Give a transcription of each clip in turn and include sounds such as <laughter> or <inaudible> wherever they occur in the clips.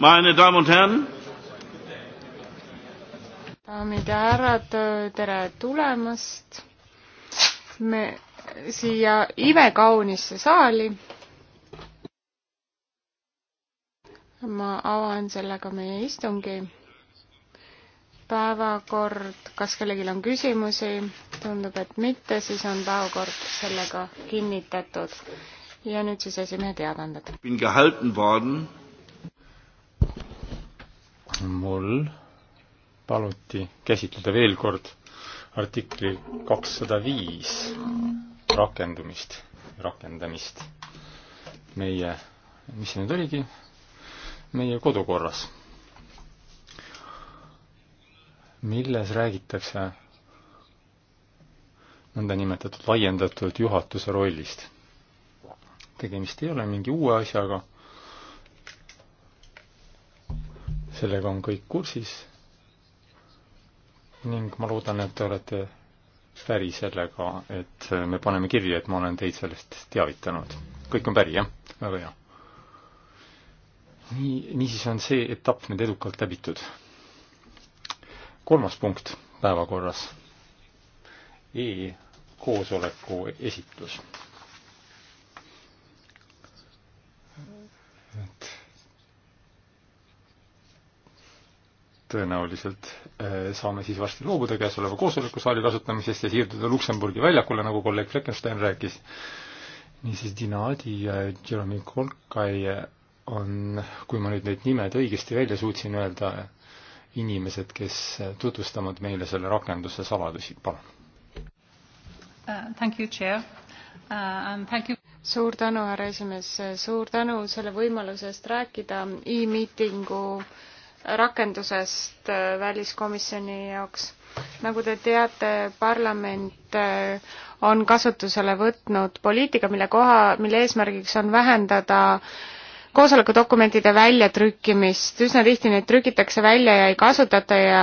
Meine Damen und Herren. daamid ja härrad, tere tulemast me siia imekaunisse saali. ma avan sellega meie istungi. päevakord, kas kellelgi on küsimusi? tundub, et mitte, siis on päevakord sellega kinnitatud. ja nüüd siis esimehe teadaanded. bin gehalten worden mul paluti käsitleda veel kord artikli kakssada viis rakendumist, rakendamist meie, mis see nüüd oligi, meie kodukorras, milles räägitakse nõndanimetatud laiendatud juhatuse rollist. tegemist ei ole mingi uue asjaga sellega on kõik kursis ning ma loodan, et te olete päri sellega, et me paneme kirja, et ma olen teid sellest teavitanud. kõik on päri, jah? väga hea. nii, niisiis on see etapp nüüd edukalt läbitud. kolmas punkt päevakorras e. e-koosoleku esitlus tõenäoliselt äh, saame siis varsti loobuda käesoleva koosolekusaali kasutamisest ja siirduda Luksemburgi väljakule, nagu kolleeg Fleckenstein rääkis. niisiis, Dina Adi ja Jeremy Kolkai on, kui ma nüüd need nimed õigesti välja suutsin öelda, inimesed, kes tutvustavad meile selle rakenduse saladusi, palun uh,. Thank you, chair uh,. And thank you suur tänu, härra esimees, suur tänu selle võimaluse eest rääkida e-miitingu uh, rakendusest äh, väliskomisjoni jaoks. nagu te teate, parlament äh, on kasutusele võtnud poliitika, mille koha, mille eesmärgiks on vähendada koosolekudokumentide väljatrükkimist, üsna tihti neid trükitakse välja ja ei kasutata ja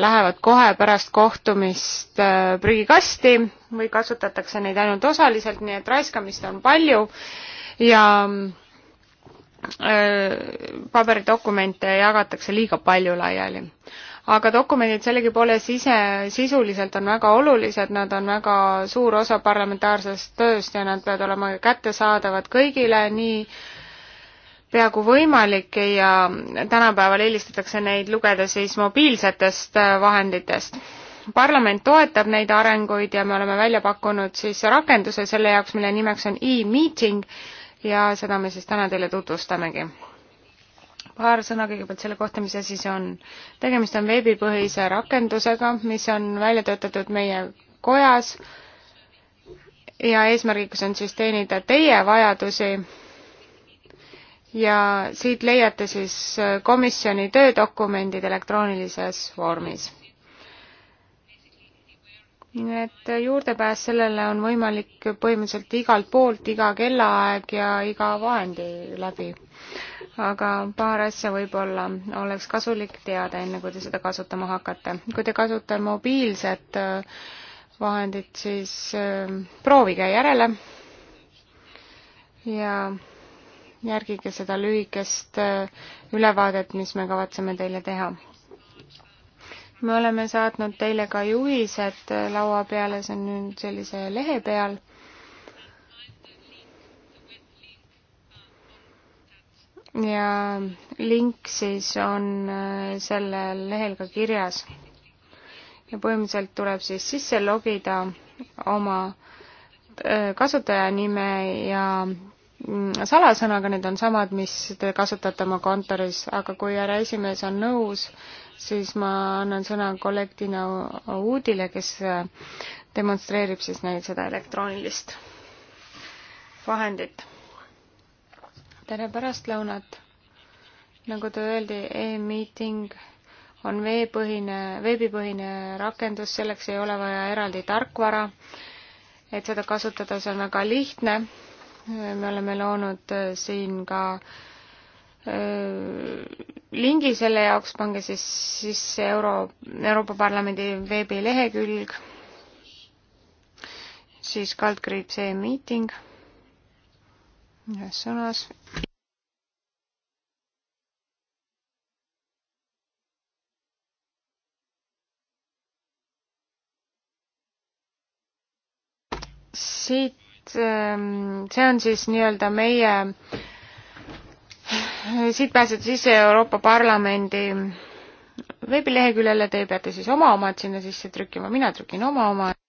lähevad kohe pärast kohtumist äh, prügikasti või kasutatakse neid ainult osaliselt, nii et raiskamist on palju ja mm, Äh, paberidokumente jagatakse liiga palju laiali. aga dokumendid sellegipoolest ise sisuliselt on väga olulised, nad on väga suur osa parlamentaarsest tööst ja nad peavad olema kättesaadavad kõigile, nii peaaegu võimalik ja tänapäeval eelistatakse neid lugeda siis mobiilsetest äh, vahenditest parlament toetab neid arenguid ja me oleme välja pakkunud siis rakenduse selle jaoks, mille nimeks on e-meeting ja seda me siis täna teile tutvustamegi. paar sõna kõigepealt selle kohta, mis asi see on. tegemist on veebipõhise rakendusega, mis on välja töötatud meie kojas ja eesmärgiks on siis teenida teie vajadusi ja siit leiate siis komisjoni töödokumendid elektroonilises vormis nii et juurdepääs sellele on võimalik põhimõtteliselt igalt poolt, iga kellaaeg ja iga vahendi läbi. aga paar asja võib-olla oleks kasulik teada, enne kui te seda kasutama hakkate. kui te kasutate mobiilset äh, vahendit, siis äh, proovige järele ja järgige seda lühikest äh, ülevaadet, mis me kavatseme teile teha me oleme saatnud teile ka juhised laua peale, see on nüüd sellise lehe peal. ja link siis on äh, sellel lehel ka kirjas. ja põhimõtteliselt tuleb siis sisse logida oma äh, kasutajanime ja mm, salasõnaga, need on samad, mis te kasutate oma kontoris, aga kui härra esimees on nõus, siis ma annan sõna kolleeg Tiina Uudile, kes äh, demonstreerib siis neil seda elektroonilist vahendit. tere pärastlõunat! nagu ta öeldi e, e-meeting on veepõhine, veebipõhine rakendus, selleks ei ole vaja eraldi tarkvara, et seda kasutada, see on väga lihtne. me oleme loonud äh, siin ka äh, lingi selle jaoks, pange siis sisse Euro, Euroopa Parlamendi veebilehekülg, siis kaldkriips e-miiting ühes sõnas. siit, see on siis nii-öelda meie siit pääsete sisse Euroopa Parlamendi veebileheküljele, te peate siis oma omad sinna sisse trükkima, mina trükin oma omad.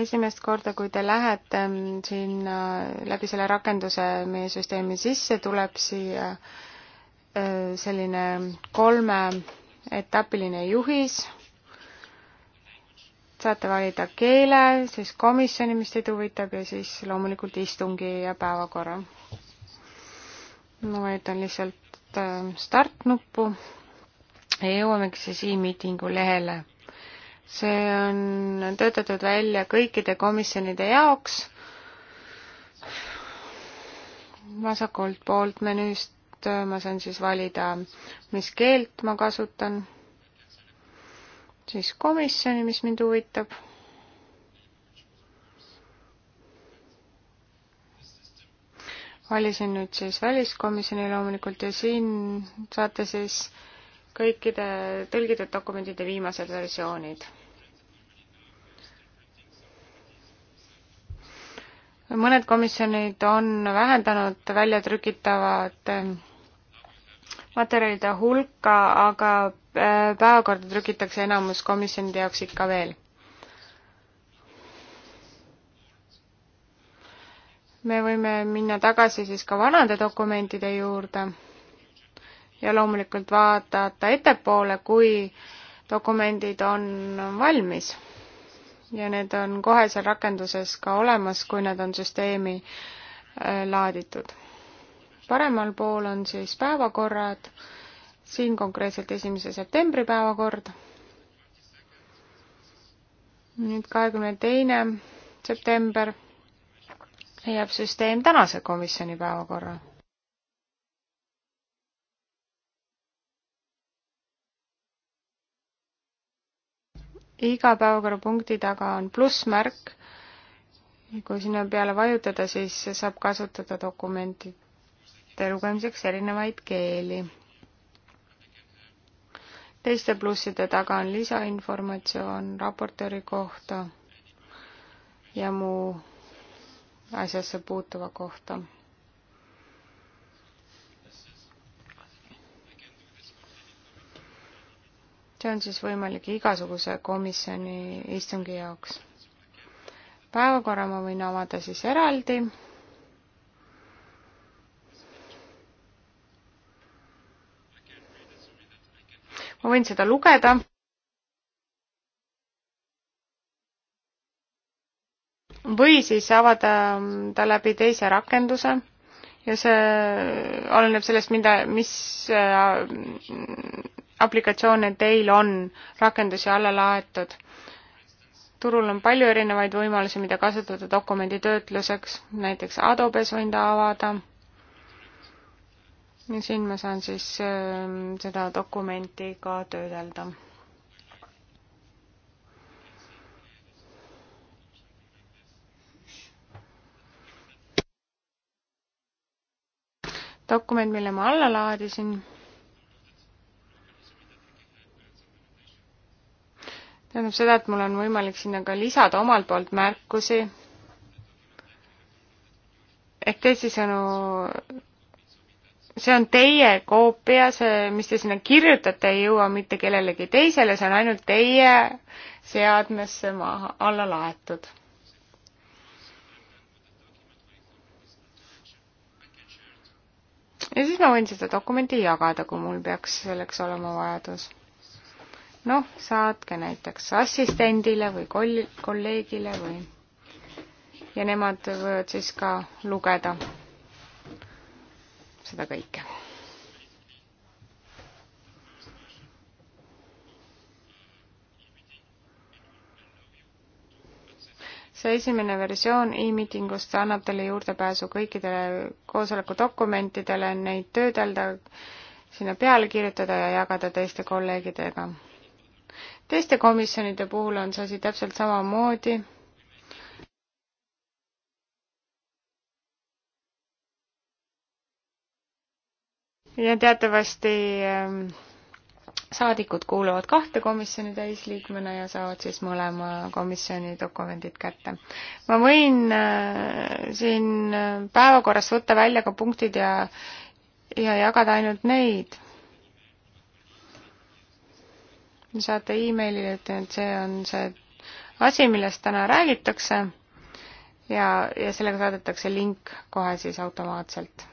esimest korda, kui te lähete mm, sinna äh, läbi selle rakenduse meie süsteemi sisse, tuleb siia äh, selline kolmeetapiline juhis. saate valida keele, siis komisjoni, mis teid huvitab ja siis loomulikult istungi ja päevakorra. ma vajutan lihtsalt äh, start nuppu ja jõuamegi siis e-miitingu lehele see on töötatud välja kõikide komisjonide jaoks. vasakult poolt menüüst ma saan siis valida, mis keelt ma kasutan, siis komisjoni, mis mind huvitab. valisin nüüd siis väliskomisjoni loomulikult ja siin saate siis äh, kõikide tõlgitud dokumentide viimased versioonid. mõned komisjonid on vähendanud väljatrükitavat eh, materjalide hulka, aga eh, päevakorda trükitakse enamus komisjonide jaoks ikka veel. me võime minna tagasi siis ka vanade dokumentide juurde ja loomulikult vaadata ettepoole, kui dokumendid on valmis. ja need on kohe seal rakenduses ka olemas, kui nad on süsteemi äh, laaditud. paremal pool on siis päevakorrad, siin konkreetselt esimese septembri päevakord. nüüd kahekümne teine september leiab süsteem tänase komisjoni päevakorra iga päevakorrapunkti taga on plussmärk. kui sinna peale vajutada, siis saab kasutada dokumentide lugemiseks erinevaid keeli. teiste plusside taga on lisainformatsioon raportööri kohta ja muu asjasse puutuva kohta see on siis võimalik igasuguse komisjoni istungi jaoks. päevakorra ma võin avada siis eraldi. ma võin seda lugeda. või siis avada ta läbi teise rakenduse ja see oleneb sellest, mida, mis äh, aplikatsioone teil on rakendusi alla laetud. turul on palju erinevaid võimalusi, mida kasutada dokumendi töötluseks, näiteks Adobes võin ta avada. ja siin ma saan siis äh, seda dokumenti ka töödelda dokument, mille ma alla laadisin. tähendab seda, et mul on võimalik sinna ka lisada omalt poolt märkusi. ehk teisisõnu, see on teie koopia, see, mis te sinna kirjutate, ei jõua mitte kellelegi teisele, see on ainult teie seadmesse maha, alla laetud ja siis ma võin seda dokumenti jagada, kui mul peaks selleks olema vajadus. noh, saatke näiteks assistendile või koll-, kolleegile või ja nemad võivad siis ka lugeda seda kõike see esimene versioon e-miitingust annab teile juurdepääsu kõikidele koosoleku dokumentidele, neid töödelda, sinna peale kirjutada ja jagada teiste kolleegidega. teiste komisjonide puhul on see asi täpselt samamoodi ja teatavasti ähm, saadikud kuuluvad kahte komisjoni täisliikmena ja saavad siis mõlema komisjoni dokumendid kätte. ma võin äh, siin äh, päevakorrast võtta välja ka punktid ja, ja jagada ainult neid. saate emailile, et see on see asi, millest täna räägitakse ja, ja sellega saadetakse link kohe siis automaatselt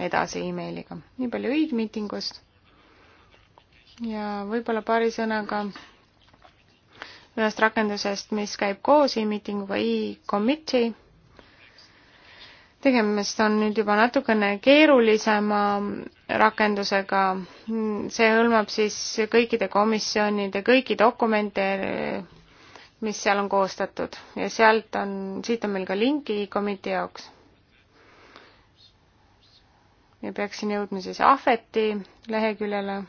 edasi emailiga. nii palju õigmiitingust ja võib-olla paari sõnaga ühest rakendusest, mis käib koos e-miitinguga e-committee. tegemist on nüüd juba natukene keerulisema rakendusega. see hõlmab siis kõikide komisjonide kõiki dokumente, mis seal on koostatud ja sealt on, siit on meil ka link e-committee jaoks. ja peaksin jõudma siis Ahveti leheküljele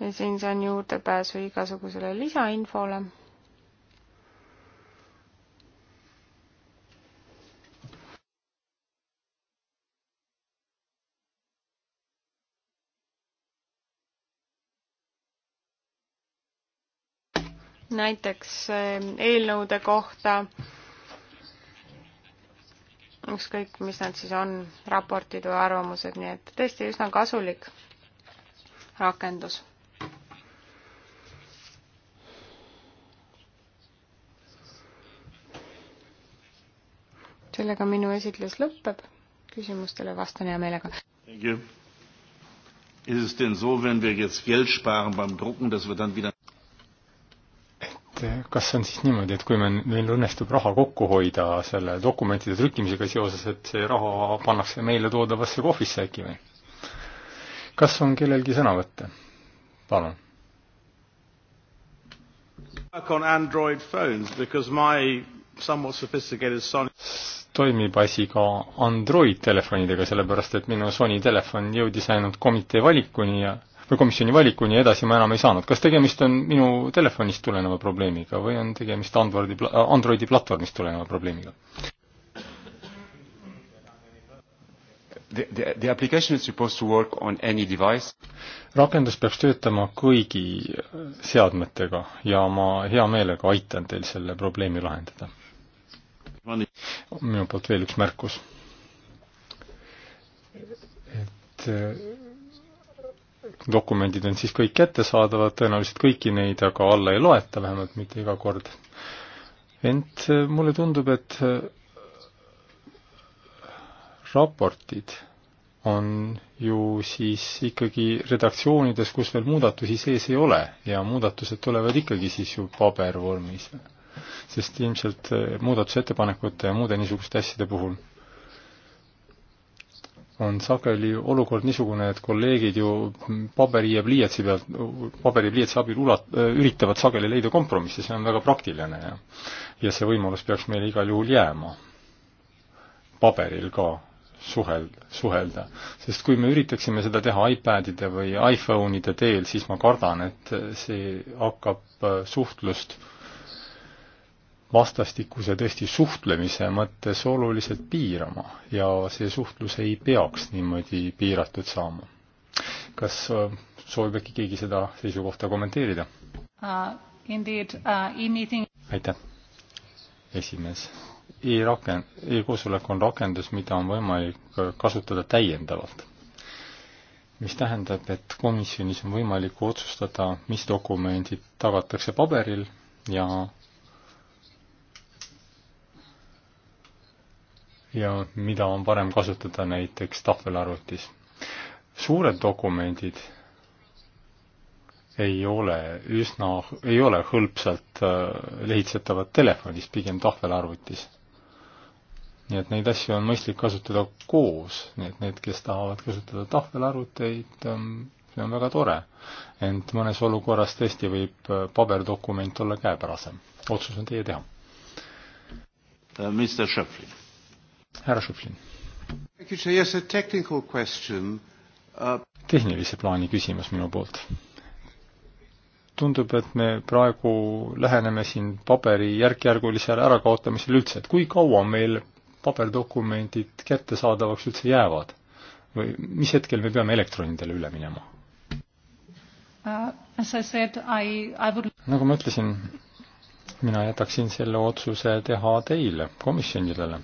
ja siin saan juurdepääsu igasugusele lisainfole. näiteks eh, eelnõude kohta, ükskõik, mis nad siis on, raportid või arvamused, nii et tõesti üsna kasulik rakendus sellega minu esitlus lõpeb, küsimustele vastan hea meelega. Ist es denn so, wenn wir jetzt Geld sparen beim Drucken, dass wir dann wieder eh, kas see on siis niimoodi, et kui me, meil õnnestub raha kokku hoida selle dokumentide trükkimisega seoses, et see raha pannakse meile toodavasse kohvisse äkki või? kas on kellelgi sõnavõtte? palun. on Android phones because my somewhat sophisticated Sony toimib asi ka Android-telefonidega, sellepärast et minu Sony telefon jõudis ainult komitee valikuni ja või komisjoni valikuni ja edasi ma enam ei saanud. kas tegemist on minu telefonist tuleneva probleemiga või on tegemist Androidi, Androidi platvormist tuleneva probleemiga? The, the, the application is supposed to work on any device. rakendus peaks töötama kõigi seadmetega ja ma hea meelega aitan teil selle probleemi lahendada minu poolt veel üks märkus. et äh, dokumendid on siis kõik kättesaadavad, tõenäoliselt kõiki neid aga alla ei loeta, vähemalt mitte iga kord. ent äh, mulle tundub, et äh, raportid on ju siis ikkagi redaktsioonides, kus veel muudatusi sees ei ole ja muudatused tulevad ikkagi siis ju pabervormis sest ilmselt eh, muudatusettepanekute ja muude niisuguste asjade puhul on sageli olukord niisugune, et kolleegid ju paberi ja pliiatsi pealt, paberi ja pliiatsi abil ulat-, eh, üritavad sageli leida kompromissi, see on väga praktiline ja ja see võimalus peaks meile igal juhul jääma. paberil ka suhel-, suhelda. sest kui me üritaksime seda teha iPadide või iPhone'ide teel, siis ma kardan, et eh, see hakkab suhtlust äh, vastastikuse tõesti suhtlemise mõttes oluliselt piirama ja see suhtlus ei peaks niimoodi piiratud saama. kas äh, soovib äkki keegi seda seisukohta kommenteerida uh,? Indeed uh, e, e-meeting aitäh, esimees e. E-raken-, e-koosolek on rakendus, mida on võimalik kasutada täiendavalt. mis tähendab, et komisjonis on võimalik otsustada, mis dokumendid tagatakse paberil ja ja mida on parem kasutada näiteks tahvelarvutis. suured dokumendid ei ole üsna, ei ole hõlpsalt äh, lehitsetavad telefonis, pigem tahvelarvutis. nii et neid asju on mõistlik kasutada koos, nii et need, kes tahavad kasutada tahvelarvuteid, ähm, see on väga tore. ent mõnes olukorras tõesti võib äh, paberdokument olla käepärasem. otsus on teie teha. Äh, Mr Schöpflin härra Šuflin. Uh, tehnilise plaani küsimus minu poolt. tundub, et me praegu läheneme siin paberi järk-järgulisele ärakaotamisele üldse, et kui kaua meil paberdokumendid kättesaadavaks üldse jäävad? või mis hetkel me peame elektronidele üle minema uh,? Would... nagu ma ütlesin, mina jätaksin selle otsuse teha teile, komisjonidele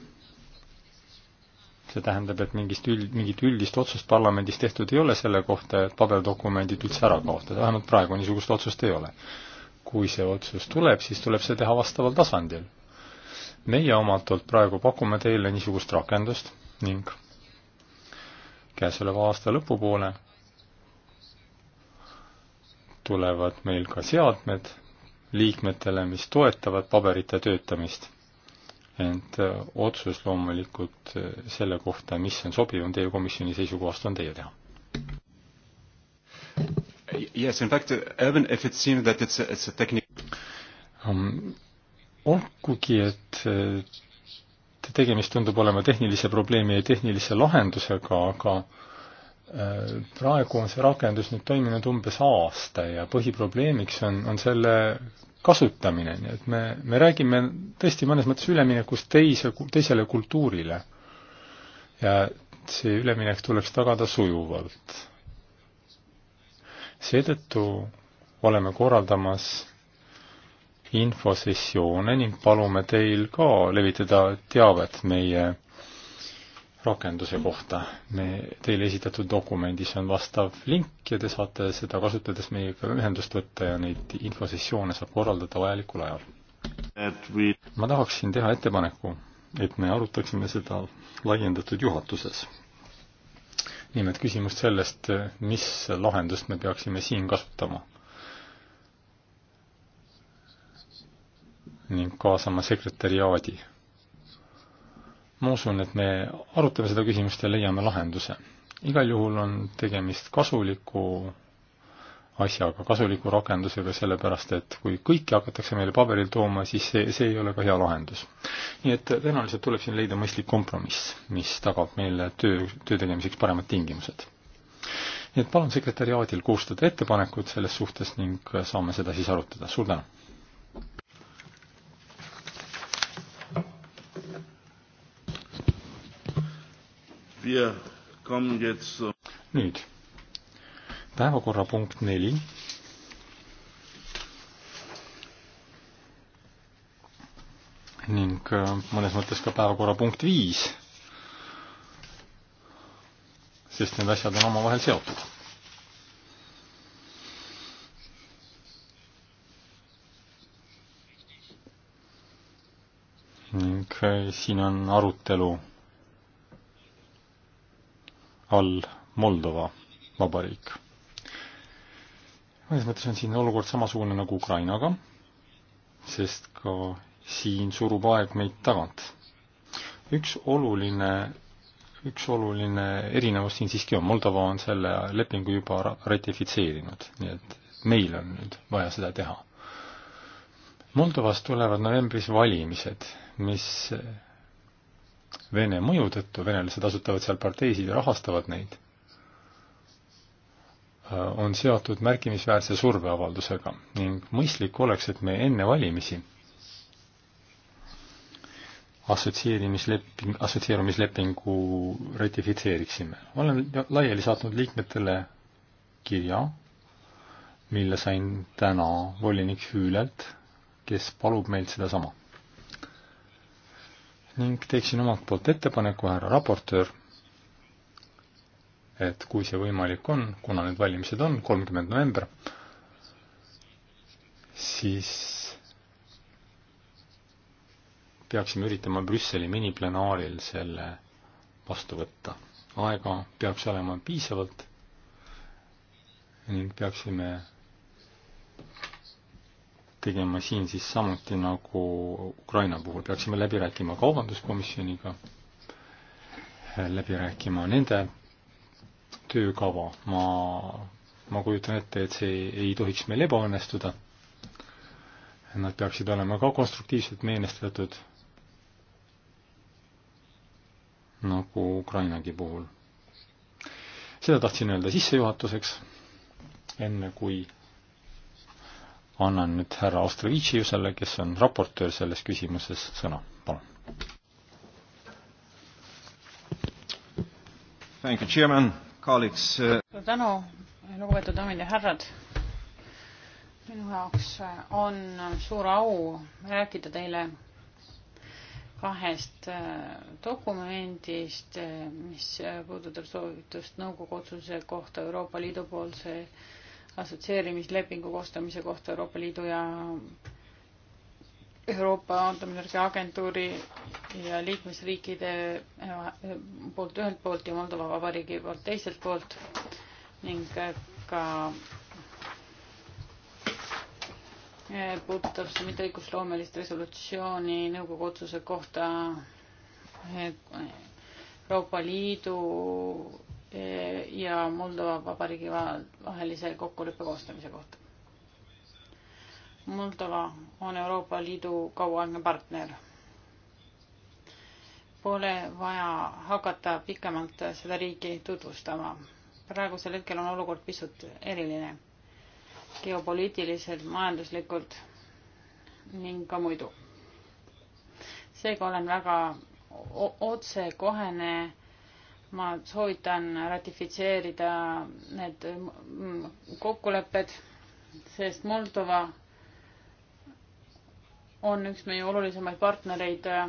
see tähendab, et mingist üld, mingit üldist otsust parlamendis tehtud ei ole selle kohta, et paberdokumendid üldse ära kaotada, vähemalt praegu niisugust otsust ei ole. kui see otsus tuleb, siis tuleb see teha vastaval tasandil. meie omalt poolt praegu pakume teile niisugust rakendust ning käesoleva aasta lõpupoole tulevad meil ka seadmed liikmetele, mis toetavad paberite töötamist ent äh, otsus loomulikult äh, selle kohta, mis on sobivam teie komisjoni seisukohast, on teie teha. Yes, in fact, even uh, if it seems that it's a, it's a technique um, olgugi, et äh, tegemist tundub olema tehnilise probleemi ja tehnilise lahendusega, aga praegu on see rakendus nüüd toiminud umbes aasta ja põhiprobleemiks on, on selle kasutamine, nii et me, me räägime tõesti mõnes mõttes üleminekust teise, teisele kultuurile. ja see üleminek tuleks tagada sujuvalt. seetõttu oleme korraldamas infosessioone ning palume teil ka levitada teavet meie rakenduse kohta. me, teile esitatud dokumendis on vastav link ja te saate seda kasutades meiega ühendust võtta ja neid infosessioone saab korraldada vajalikul ajal. We... ma tahaksin teha ettepaneku, et me arutaksime seda laiendatud juhatuses. nimelt küsimust sellest, mis lahendust me peaksime siin kasutama. ning kaasama sekretäriaadi ma usun, et me arutame seda küsimust ja leiame lahenduse. igal juhul on tegemist kasuliku asjaga, kasuliku rakendusega, sellepärast et kui kõike hakatakse meile paberil tooma, siis see, see ei ole ka hea lahendus. nii et tõenäoliselt tuleb siin leida mõistlik kompromiss, mis tagab meile töö, töö tegemiseks paremad tingimused. nii et palun sekretäriaadil koostada ettepanekud selles suhtes ning saame seda siis arutada, suur tänu! nüüd päevakorrapunkt neli. ning äh, mõnes mõttes ka päevakorrapunkt viis, sest need asjad on omavahel seotud. ning äh, siin on arutelu all Moldova vabariik. mõnes mõttes on siin olukord samasugune nagu Ukrainaga, sest ka siin surub aeg meid tagant. üks oluline, üks oluline erinevus siin siiski on, Moldova on selle lepingu juba ratifitseerinud, nii et meil on nüüd vaja seda teha. Moldovas tulevad novembris valimised, mis Vene mõju tõttu, venelased asutavad seal parteisid ja rahastavad neid, äh, on seotud märkimisväärse surveavaldusega ning mõistlik oleks, et me enne valimisi assotsieerimisleping, assotsieerumislepingu ratifitseeriksime. olen laiali saatnud liikmetele kirja, mille sain täna volinik Füülelt, kes palub meilt sedasama ning teeksin omalt poolt ettepaneku, härra raportöör, et kui see võimalik on, kuna need valimised on, kolmkümmend november, siis peaksime üritama Brüsseli miniplenaaril selle vastu võtta. aega peaks olema piisavalt ning peaksime tegema siin siis samuti nagu Ukraina puhul, peaksime läbi rääkima Kaubanduskomisjoniga, läbi rääkima nende töökava, ma, ma kujutan ette, et see ei, ei tohiks meil ebaõnnestuda. Nad peaksid olema ka konstruktiivselt meelestatud, nagu Ukrainagi puhul. seda tahtsin öelda sissejuhatuseks, enne kui annan nüüd härra Ostrovitšiusele, kes on raportöör selles küsimuses, sõna, palun. Uh, suur tänu, lugupeetud daamid ja härrad. minu jaoks uh, on suur au rääkida teile kahest uh, dokumendist, mis puudutab soovitust nõukogu otsuse kohta Euroopa Liidu poolse assotsieerimislepingu koostamise kohta Euroopa Liidu ja Euroopa Atomenergia Agentuuri ja liikmesriikide eh, poolt ühelt poolt ja Moldova Vabariigi poolt teiselt poolt ning eh, ka eh, puudutab see mitteõigusloomelist resolutsiooni nõukogu otsuse kohta Euroopa Liidu Eh, ja Moldova Vabariigi vahelise kokkuleppe koostamise kohta. Moldova on Euroopa Liidu kauaaegne partner. Pole vaja hakata pikemalt seda riiki tutvustama. praegusel hetkel on olukord pisut eriline geopoliitiliselt, majanduslikult ning ka muidu. seega olen väga otsekohene ma soovitan ratifitseerida need kokkulepped, sest Moldova on üks meie olulisemaid partnereid äh,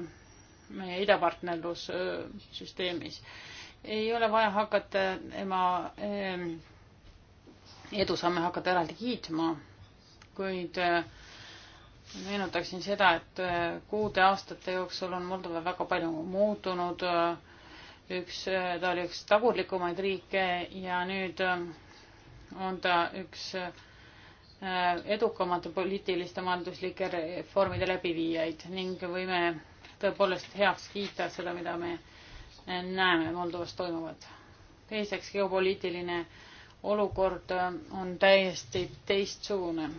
meie idapartnerlussüsteemis. ei ole vaja hakata ema ähm, edusamme hakata eraldi kiitma, kuid äh, meenutaksin seda, et äh, kuude aastate jooksul on Moldova väga palju muutunud äh, üks, ta oli üks tagurlikumaid riike ja nüüd ähm, on ta üks äh, edukamate poliitiliste majanduslike reformide läbiviijaid ning võime tõepoolest heaks kiita seda, mida me näeme Moldovas toimuvat. teiseks, geopoliitiline olukord äh, on täiesti teistsugune.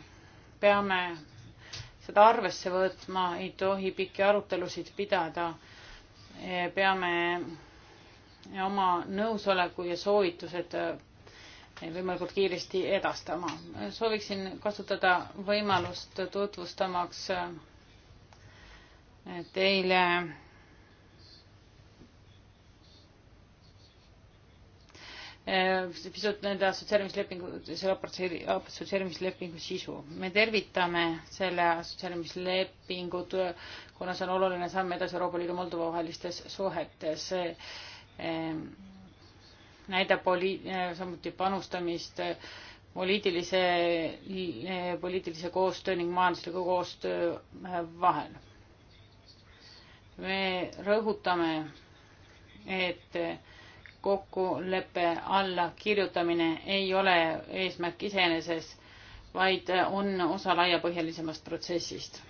peame seda arvesse võtma, ei tohi pikki arutelusid pidada. Äh, peame ja oma nõusoleku ja soovitused äh, võimalikult kiiresti edastama. sooviksin kasutada võimalust tutvustamaks äh, teile äh, pisut nende assotsieerimislepingu, selle assotsieerimislepingu sisu. me tervitame selle assotsieerimislepingut, kuna see on oluline samm edasi Euroopa Liidu Moldova vahelistes suhetes. see Ehm, näida poli-, eh, samuti panustamist eh, poliitilise, eh, poliitilise koostöö ning majandusliku koostöö vahel. me rõhutame, et kokkuleppe allakirjutamine ei ole eesmärk iseeneses, vaid on osa laiapõhjalisemast protsessist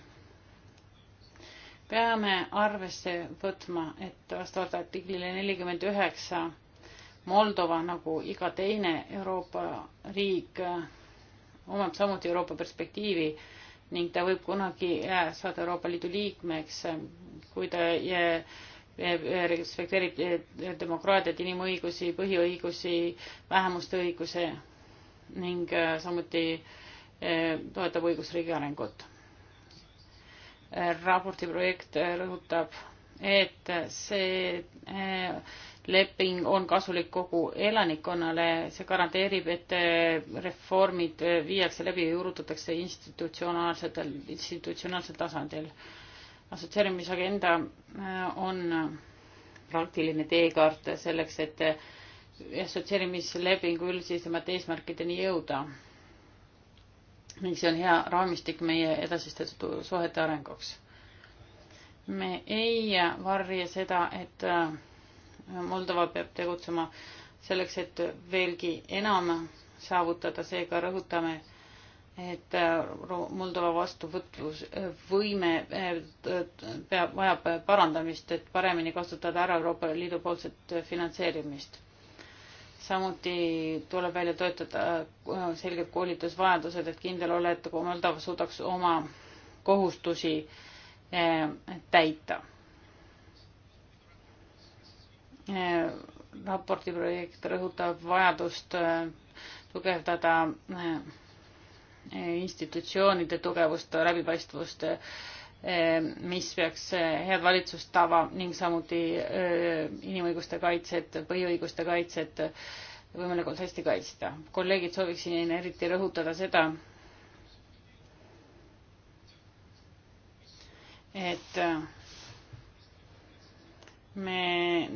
peame arvesse võtma, et vastavalt artiklile nelikümmend üheksa Moldova nagu iga teine Euroopa riik omab samuti Euroopa perspektiivi ning ta võib kunagi saada Euroopa Liidu liikmeks, kui ta respekteerib demokraatiat, inimõigusi, põhiõigusi, vähemuste õiguse ning samuti eh, toetab õigusriigi arengut raporti projekt äh, rõhutab, et see äh, leping on kasulik kogu elanikkonnale, see garanteerib, et äh, reformid viiakse läbi ja juurutatakse institutsionaalsetel, institutsionaalsel tasandil. assotsieerimisagenda on praktiline teekaart selleks, et assotsieerimislepingu üldsisemate eesmärkideni jõuda ning see on hea raamistik meie edasiste suhete arenguks. me ei varja seda, et äh, Moldova peab tegutsema selleks, et veelgi enam saavutada, seega rõhutame, et äh, Moldova vastuvõtlusvõime äh, peab, vajab parandamist, et paremini kasutada ära Euroopa Liidu poolset finantseerimist samuti tuleb välja töötada äh, selged koolitusvajadused, et kindel olla, et Moldova suudaks oma kohustusi äh, täita. Äh, raporti projekt rõhutab vajadust tugevdada institutsioonide tugevust, läbipaistvust Eh, mis peaks eh, head valitsustava ning samuti eh, inimõiguste kaitset, põhiõiguste kaitset võimalikult hästi kaitsta. kolleegid, sooviksin eriti rõhutada seda, et me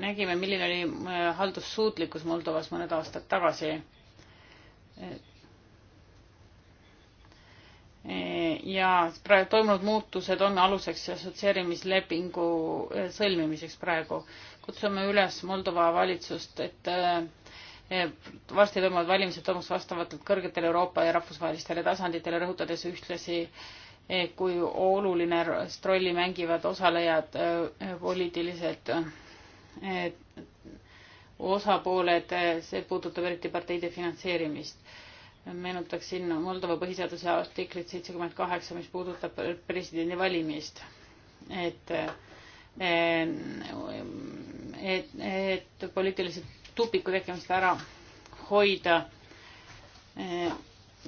nägime, milline oli haldussuutlikkus Moldovas mõned aastad tagasi ja praegu toimunud muutused on aluseks assotsieerimislepingu äh, sõlmimiseks praegu. kutsume üles Moldova valitsust, et äh, äh, varsti toimuvad valimised toimuks vastavatelt kõrgetele Euroopa ja rahvusvahelistele tasanditele, rõhutades ühtlasi, kui oluline rolli mängivad osalejad poliitilised osapooled, see puudutab eriti parteide finantseerimist meenutaksin Moldova põhiseaduse artiklit seitsekümmend kaheksa, mis puudutab presidendi valimist. et, eh, et, et poliitilise tupiku tekkimist ära hoida eh,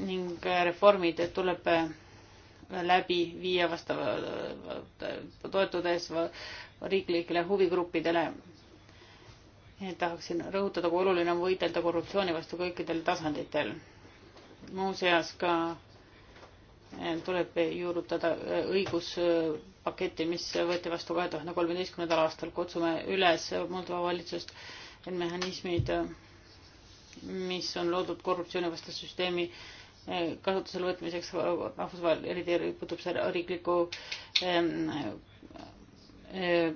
ning reformid tuleb eh, läbi viia vastava, toetudes riiklikele huvigruppidele. tahaksin rõhutada, kui oluline on võidelda korruptsiooni vastu kõikidel tasanditel muuseas ka eh, tuleb juurutada eh, õiguspaketti, mis võeti vastu kahe tuhande kolmeteistkümnendal aastal. kutsume üles Moldova valitsust, et mehhanismid, eh, mis on loodud korruptsioonivastase süsteemi kasutusele võtmiseks rahvusvahel, eriti puudutab see riiklikku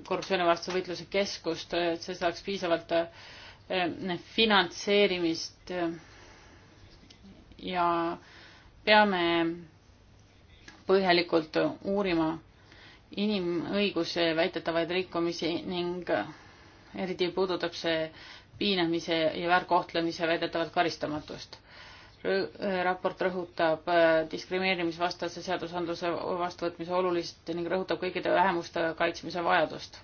korruptsioonivastase võitluse keskust, et see saaks piisavalt finantseerimist ja peame põhjalikult uurima inimõiguse väidetavaid rikkumisi ning eriti puudutab see piinamise ja väärkohtlemise väidetavat karistamatust. raport rõhutab äh, diskrimineerimisvastase seadusandluse vastuvõtmise olulist ning rõhutab kõikide vähemuste kaitsmise vajadust.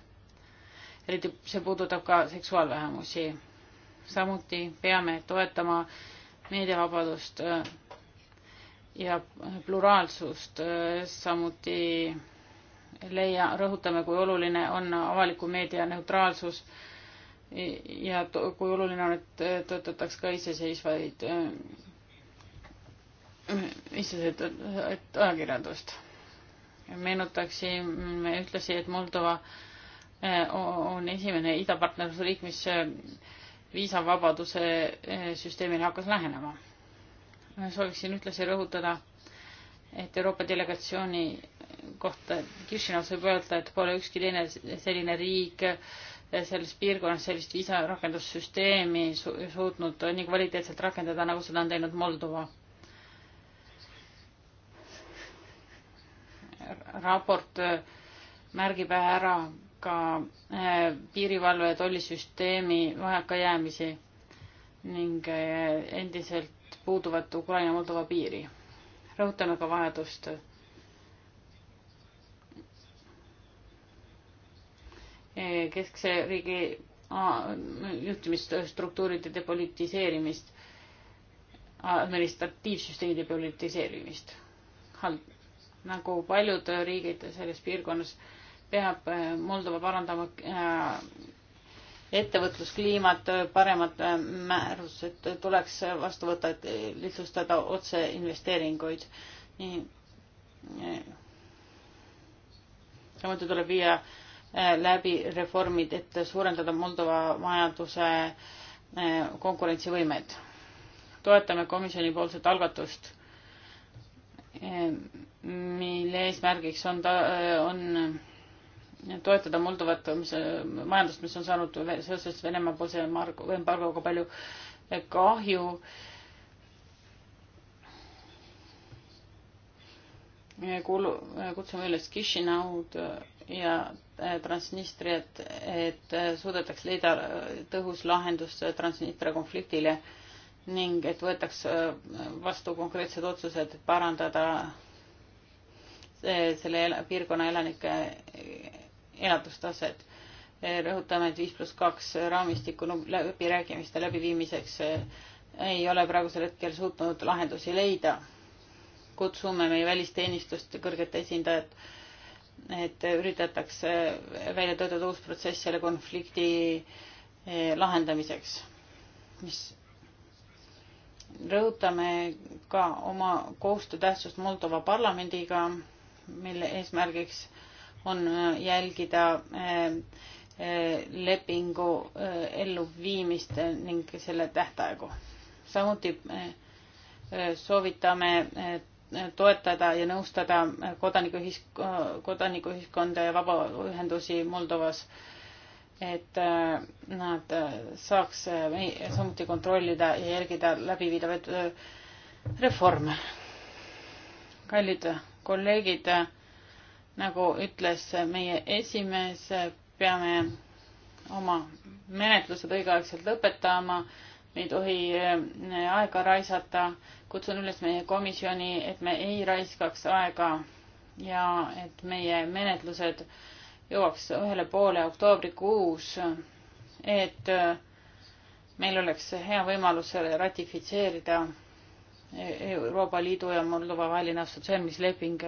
eriti see puudutab ka seksuaalvähemusi. samuti peame toetama meediavabadust äh, ja pluraalsust. Äh, samuti leia, rõhutame, kui oluline on avaliku meedia neutraalsus ja kui oluline on, et äh, töötataks ka iseseisvaid, iseseisvat ajakirjandust. meenutaksime ühtlasi, et Moldova on esimene idapartnerlusriik, mis viisavabaduse eh, süsteemile hakkas lähenema. sooviksin ühtlasi rõhutada, et Euroopa delegatsiooni kohta Kišinovs võib öelda, et pole ükski teine selline riik eh, selles piirkonnas sellist viisarakendussüsteemi su suutnud nii kvaliteetselt rakendada, nagu seda on teinud Moldova. raport eh, märgib ära ka äh, piirivalve ja tollisüsteemi vajakajäämisi ning äh, endiselt puuduvat Ukraina-Moldova piiri. rõhutame ka vajadust äh, keskse riigi juhtimisstruktuuride depolitiseerimist, administratiivsüsteemi depolitiseerimist. nagu paljud riigid selles piirkonnas äh, peab äh, Moldova parandama äh, ettevõtluskliimat, paremad äh, määrused tuleks vastu võtta, et lihtsustada otseinvesteeringuid. samuti tuleb viia läbi reformid, et suurendada Moldova majanduse konkurentsivõimet. toetame komisjoni poolset algatust, mille eesmärgiks on ta, on toetada Moldovat, mis äh, majandust, mis on saanud seoses Venemaa poolse embargoga palju äh, kahju. kuulu-, kutsume üles Kishinaud äh, ja Transnistriat, et suudetaks leida tõhus lahendus Transnistria konfliktile ning et võetaks vastu konkreetsed otsused, et parandada selle piirkonna elanike elatustaset. rõhutame, et viis pluss kaks raamistiku läbirääkimiste läbiviimiseks eh, ei ole praegusel hetkel suutnud lahendusi leida. kutsume meie välisteenistust kõrget esindajat, et üritatakse eh, välja töötada uus protsess selle konflikti eh, lahendamiseks, mis rõhutame ka oma koostöö tähtsust Moldova parlamendiga, mille eesmärgiks on äh, jälgida äh, äh, lepingu elluviimist ning selle tähtaegu. samuti soovitame toetada ja nõustada kodanikuühis-, kodanikuühiskonda ja vabaühendusi Moldovas, et nad saaks samuti kontrollida ja jälgida läbiviidavaid reforme. kallid kolleegid nagu ütles meie esimees, peame oma menetlused õigeaegselt lõpetama, me ei tohi eh, aega raisata. kutsun üles meie komisjoni, et me ei raiskaks aega ja et meie menetlused jõuaks ühele poole oktoobrikuus, et eh, meil oleks hea võimalus ratifitseerida e-, Euroopa Liidu ja Moldova vaheline assotsieerimisleping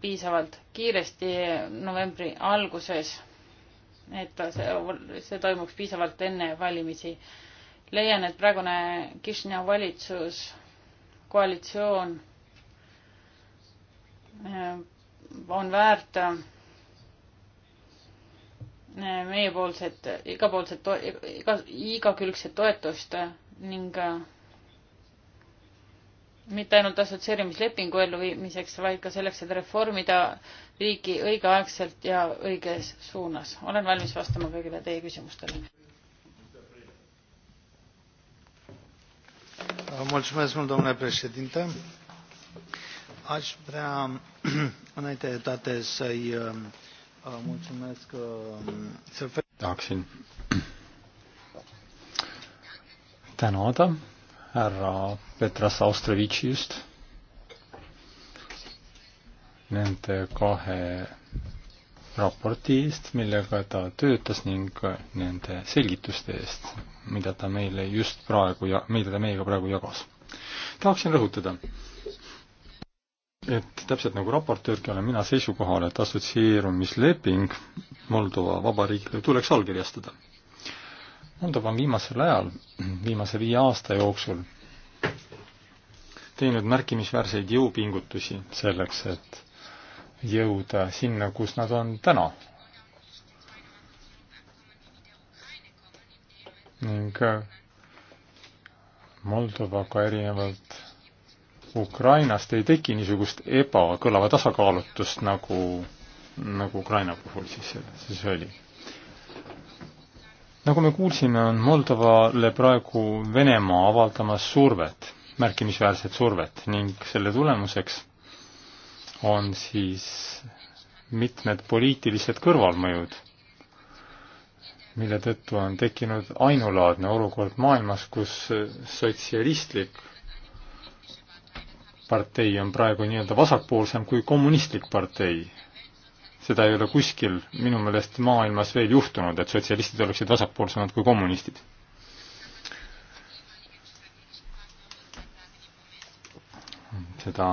piisavalt kiiresti novembri alguses, et see, see toimuks piisavalt enne valimisi. leian, et praegune Kišnja valitsus, koalitsioon äh, on väärt äh, meiepoolset, igapoolset, iga, igakülgset toetust ning äh, mitte ainult assotsieerimislepingu elluviimiseks, vaid ka selleks, et reformida riiki õigeaegselt ja õiges suunas. olen valmis vastama kõigile teie küsimustele. domnule președinte aș vrea <clears throat> înainte de toate să i uh, uh, mulțumesc uh, să tahaksin <clears throat> tänada härra Petras Austrevitšist, nende kahe raporti eest, millega ta töötas ning nende selgituste eest, mida ta meile just praegu ja mida ta meiega praegu jagas. tahaksin rõhutada, et täpselt nagu raportöörgi olen mina seisukohal, et assotsieerumisleping Moldova Vabariigiga tuleks allkirjastada Moldova on viimasel ajal, viimase viie aasta jooksul teinud märkimisväärseid jõupingutusi selleks, et jõuda sinna, kus nad on täna. ning äh, Moldovaga erinevalt Ukrainast ei teki niisugust ebakõlava tasakaalutust, nagu, nagu Ukraina puhul siis, siis oli nagu me kuulsime, on Moldovale praegu Venemaa avaldamas survet, märkimisväärset survet ning selle tulemuseks on siis mitmed poliitilised kõrvalmõjud, mille tõttu on tekkinud ainulaadne olukord maailmas, kus sotsialistlik partei on praegu nii-öelda vasakpoolsem kui kommunistlik partei seda ei ole kuskil minu meelest maailmas veel juhtunud, et sotsialistid oleksid vasakpoolsemad kui kommunistid. seda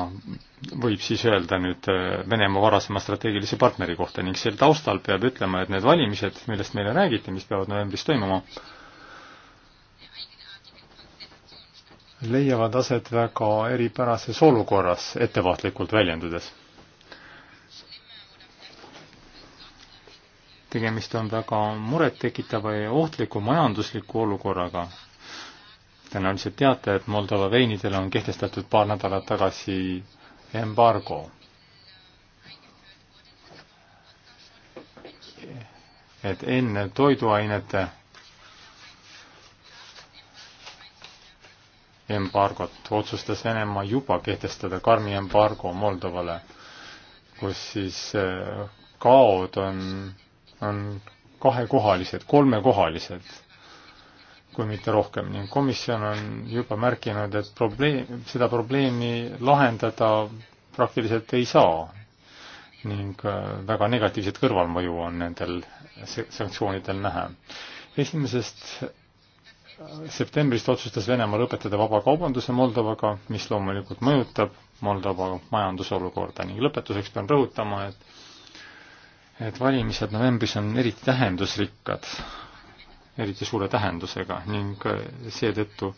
võib siis öelda nüüd äh, Venemaa varasema strateegilise partneri kohta ning sel taustal peab ütlema, et need valimised, millest meile räägiti, mis peavad novembris toimuma, leiavad aset väga eripärases olukorras, ettevaatlikult väljendudes tegemist on väga murettekitava ja ohtliku majandusliku olukorraga. tõenäoliselt teate, et Moldova veinidele on kehtestatud paar nädalat tagasi embargo. et enne toiduainete embargot otsustas Venemaa juba kehtestada karmi embargo Moldovale, kus siis eh, kaod on on kahekohalised, kolmekohalised, kui mitte rohkem ning komisjon on juba märkinud, et probleem, seda probleemi lahendada praktiliselt ei saa ning äh, väga negatiivset kõrvalmõju on nendel sanktsioonidel näha. esimesest äh, septembrist otsustas Venemaa lõpetada vabakaubanduse Moldovaga, mis loomulikult mõjutab Moldova majandusolukorda ning lõpetuseks pean rõhutama, et et valimised novembris on eriti tähendusrikkad, eriti suure tähendusega ning eh, seetõttu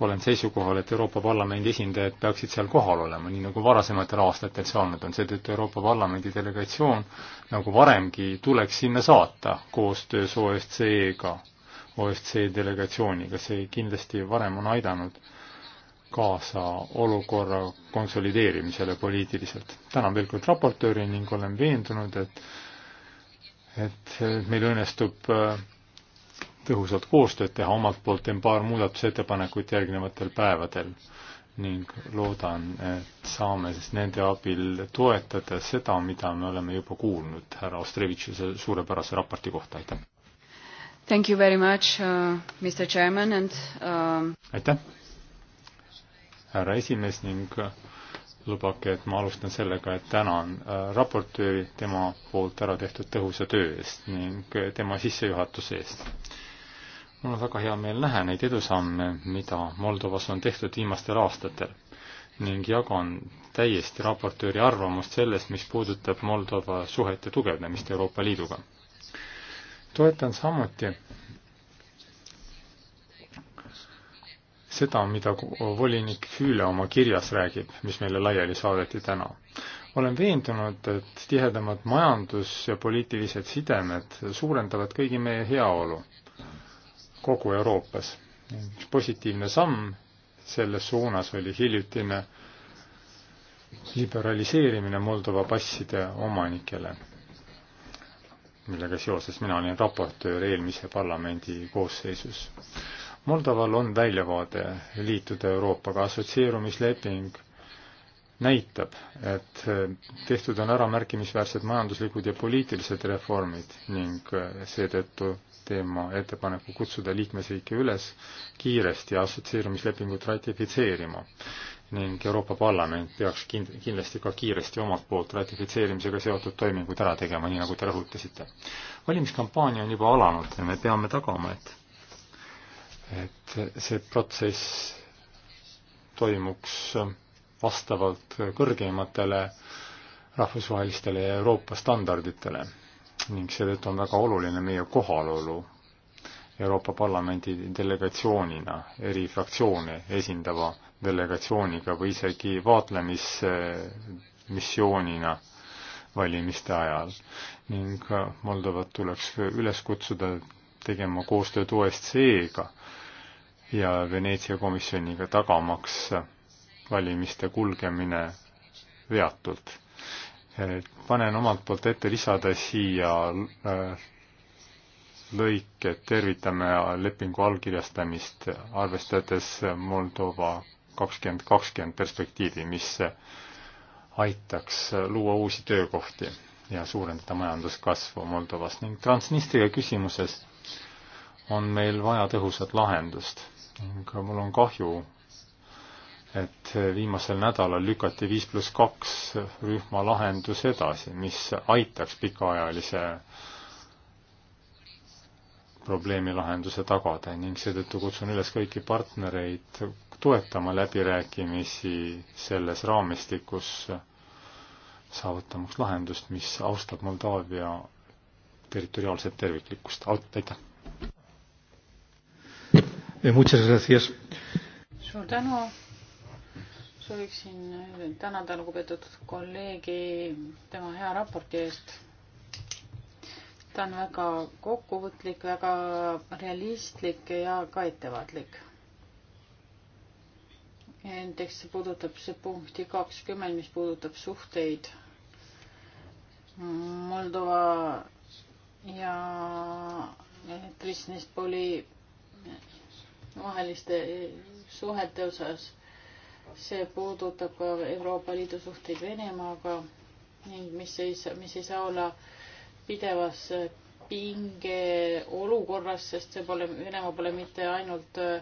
olen seisukohal, et Euroopa Parlamendi esindajad peaksid seal kohal olema, nii nagu varasematel aastatel see olnud on, seetõttu Euroopa Parlamendi delegatsioon nagu varemgi tuleks sinna saata koostöös OSCE-ga, OSCE delegatsiooniga, see kindlasti varem on aidanud kaasa olukorra konsolideerimisele poliitiliselt. tänan veel kord raportööri ning olen veendunud, et et meil õnnestub äh, tõhusalt koostööd teha, omalt poolt teen paar muudatusettepanekut järgnevatel päevadel ning loodan, et saame siis nende abil toetada seda, mida me oleme juba kuulnud härra Ostrevitšuse suurepärase raporti kohta, aitäh! Thank you very much uh,, Mr Chairman and um... aitäh, härra esimees ning uh, lubage, et ma alustan sellega, et tänan äh, raportööri tema poolt ära tehtud tõhusa töö eest ning äh, tema sissejuhatuse eest. mul on väga hea meel näha neid edusamme, mida Moldovas on tehtud viimastel aastatel ning jagan täiesti raportööri arvamust sellest, mis puudutab Moldova suhete tugevdamist Euroopa Liiduga. toetan samuti seda, mida volinik Füüle oma kirjas räägib, mis meile laiali saadeti täna. olen veendunud, et tihedamad majandus- ja poliitilised sidemed suurendavad kõigi meie heaolu kogu Euroopas. üks positiivne samm selles suunas oli hiljutine liberaliseerimine Moldova passide omanikele, millega seoses mina olin raportöör eelmise parlamendi koosseisus Moldoval on väljavaade liituda Euroopaga, assotsieerumisleping näitab, et tehtud on ära märkimisväärsed majanduslikud ja poliitilised reformid ning seetõttu teen ma ettepaneku kutsuda liikmesriike üles kiiresti assotsieerumislepingut ratifitseerima ning Euroopa Parlament peaks kind-, kindlasti ka kiiresti omalt poolt ratifitseerimisega seotud toimingud ära tegema, nii nagu te rõhutasite. valimiskampaania on juba alanud ja me peame tagama, et et see protsess toimuks vastavalt kõrgeimatele rahvusvahelistele ja Euroopa standarditele ning seetõttu on väga oluline meie kohalolu Euroopa Parlamendi delegatsioonina, eri fraktsioone esindava delegatsiooniga või isegi vaatlemismissioonina valimiste ajal ning Moldovat tuleks üles kutsuda tegema koostööd OSCE-ga ja Veneetsia komisjoniga tagamaks valimiste kulgemine veatult. panen omalt poolt ette lisada siia äh, lõik, et tervitame lepingu allkirjastamist, arvestades Moldova kakskümmend kakskümmend perspektiivi, mis aitaks luua uusi töökohti ja suurendada majanduskasvu Moldovas ning Transnistria küsimuses on meil vaja tõhusat lahendust ning mul on kahju, et viimasel nädalal lükati viis pluss kaks rühma lahendus edasi, mis aitaks pikaajalise probleemi lahenduse tagada ning seetõttu kutsun üles kõiki partnereid toetama läbirääkimisi selles raamistikus, saavutamaks lahendust, mis austab Moldaavia territoriaalset terviklikkust. aitäh! Eh, muchas gracias. suur tänu. sooviksin eh, tänada lugupeetud kolleegi tema hea raporti eest. ta on väga kokkuvõtlik, väga realistlik ja ka ettevaatlik näiteks see puudutab see punkti kakskümmend, mis puudutab suhteid Moldova ja Trisnespoli vaheliste suhete osas. see puudutab ka Euroopa Liidu suhteid Venemaaga ning mis ei saa, mis ei saa olla pidevas pinge olukorras, sest see pole, Venemaa pole mitte ainult äh,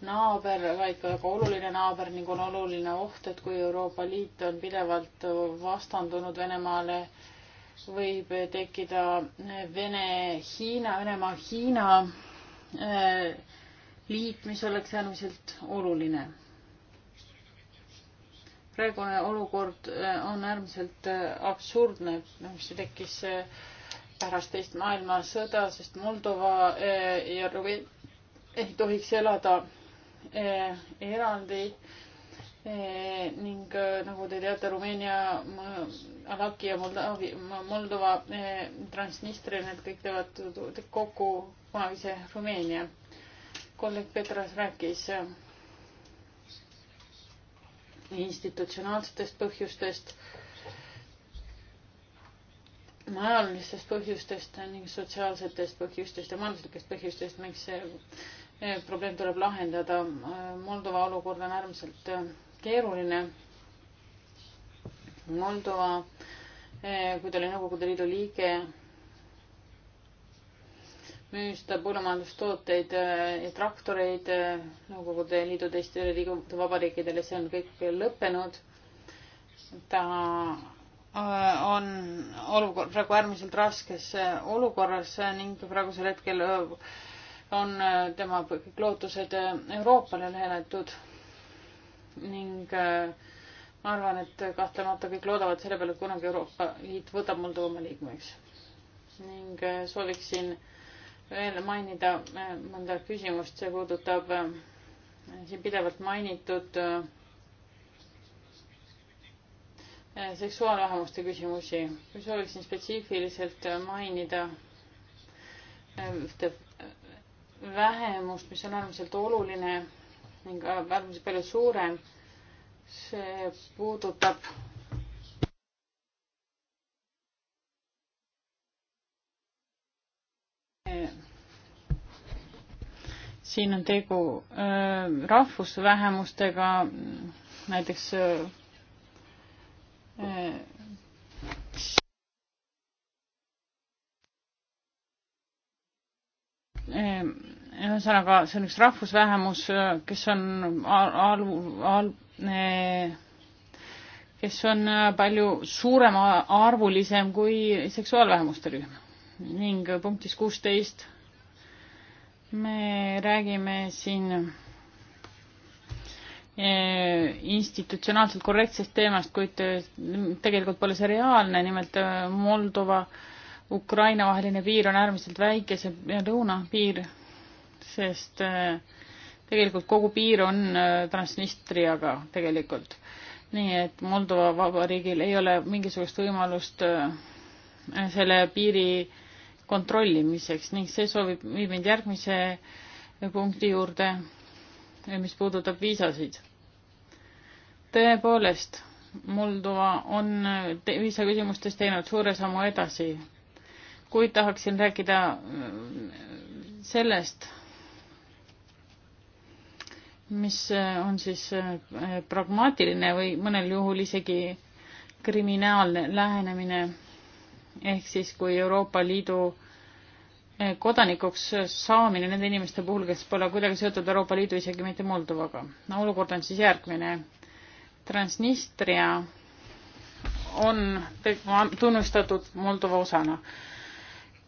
naaber, vaid ka väga oluline naaber ning on oluline oht, et kui Euroopa Liit on pidevalt vastandunud Venemaale, võib tekkida Vene, Hiina, Venemaa, Hiina äh, liit, mis oleks äärmiselt oluline. praegune olukord äh, on äärmiselt äh, absurdne, mis nagu tekkis äh, pärast teist maailmasõda, sest Moldova ja Ruvi ei tohiks elada eraldi ning nagu te teate, Rumeenia, Alaki ja Moldavi, Moldova, Transnistria, need kõik teevad kokku kunagise Rumeenia kolleeg Petras rääkis äh, institutsionaalsetest põhjustest, majalistest põhjustest ning sotsiaalsetest põhjustest ja majanduslikest põhjustest, miks see äh, probleem tuleb lahendada. Äh, Moldova olukord on äärmiselt keeruline. Moldova, kui ta oli Nõukogude Liidu liige, müüsta põllumajandustooteid eh, ja traktoreid eh, Nõukogude Liidu teistele liigutud vabariikidele, see on kõik lõppenud. ta eh, on olukord, praegu äärmiselt raskes olukorras ning praegusel hetkel on tema kõik lootused Euroopale lähenetud ning ma arvan, et kahtlemata kõik loodavad selle peale, et kunagi Euroopa Liit võtab Moldova liikmeks ning sooviksin äh, veel mainida äh, mõnda küsimust, see puudutab äh, siin pidevalt mainitud äh, seksuaalvähemuste küsimusi. kui sooviksin spetsiifiliselt mainida ühte vähemust, mis on äärmiselt oluline ning äärmiselt palju suurem, see puudutab siin on tegu äh, rahvusvähemustega, näiteks äh, äh, ühesõnaga, see on üks rahvusvähemus, kes on al-, al-, al, kes on palju suurema arvulisem kui seksuaalvähemuste rühm ning punktis kuusteist me räägime siin eh, institutsionaalselt korrektsest teemast, kuid mm, tegelikult pole see reaalne, nimelt eh, Moldova Ukraina vaheline piir on äärmiselt väike, see lõunapiir, sest eh, tegelikult kogu piir on Transnistriaga tegelikult. nii et Moldova Vabariigil ei ole mingisugust võimalust selle piiri kontrollimiseks ning see soovib, viib mind järgmise punkti juurde, mis puudutab viisasid. tõepoolest, Moldova on te viisaküsimustes teinud suure sammu edasi, kuid tahaksin rääkida mm, sellest, mis on siis äh, pragmaatiline või mõnel juhul isegi kriminaalne lähenemine ehk siis kui Euroopa Liidu kodanikuks saamine nende inimeste puhul, kes pole kuidagi seotud Euroopa Liidu, isegi mitte Moldovaga. no olukord on siis järgmine. Transnistria on tunnustatud Moldova osana.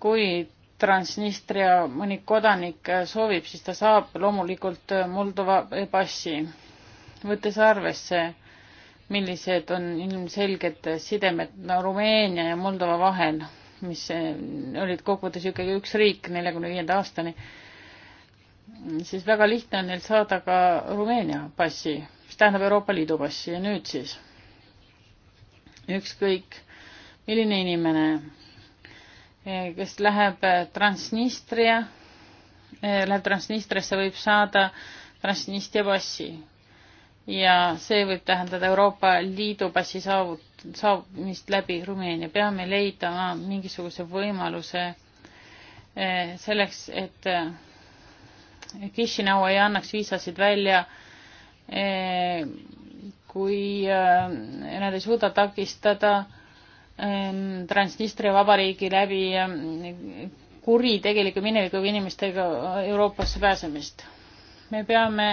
kui Transnistria mõni kodanik soovib, siis ta saab loomulikult Moldova passi. võttes arvesse, millised on ilmselged sidemed Rumeenia ja Moldova vahel mis eh, olid kokkuvõttes ikkagi üks riik neljakümne viienda aastani, siis väga lihtne on neilt saada ka Rumeenia passi, mis tähendab Euroopa Liidu passi ja nüüd siis ükskõik milline inimene, eh, kes läheb eh, Transnistria, läheb Transnistriasse, võib saada Transnistria passi ja see võib tähendada Euroopa Liidu passi saavut-, saabumist läbi Rumeenia. peame leidma mingisuguse võimaluse eh, selleks, et Kišinõu eh, ei annaks viisasid välja, eh, kui nad ei suuda takistada Transnistria vabariigi läbi kuritegeliku minevikuga inimestega Euroopasse pääsemist. me peame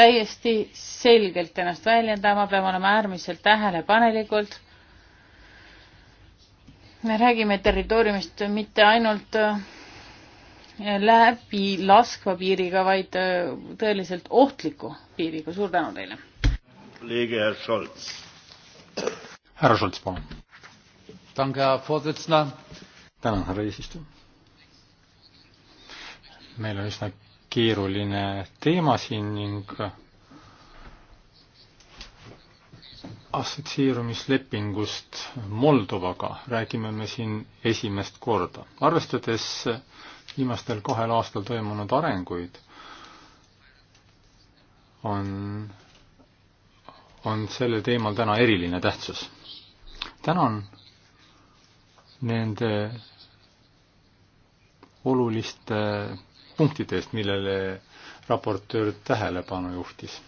täiesti selgelt ennast väljendama, peame olema äärmiselt tähelepanelikud. me räägime territooriumist mitte ainult äh, läbi laskva piiriga, vaid äh, tõeliselt ohtliku piiriga. suur tänu teile. kolleeg härra Scholz. härra Scholz, palun. tänan, härra eesistuja. meil on üsna keeruline teema siin ning assotsieerumislepingust Moldovaga räägime me siin esimest korda. arvestades viimastel kahel aastal toimunud arenguid, on, on sellel teemal täna eriline tähtsus. tänan nende oluliste punktide eest, millele raportöör tähelepanu juhtis.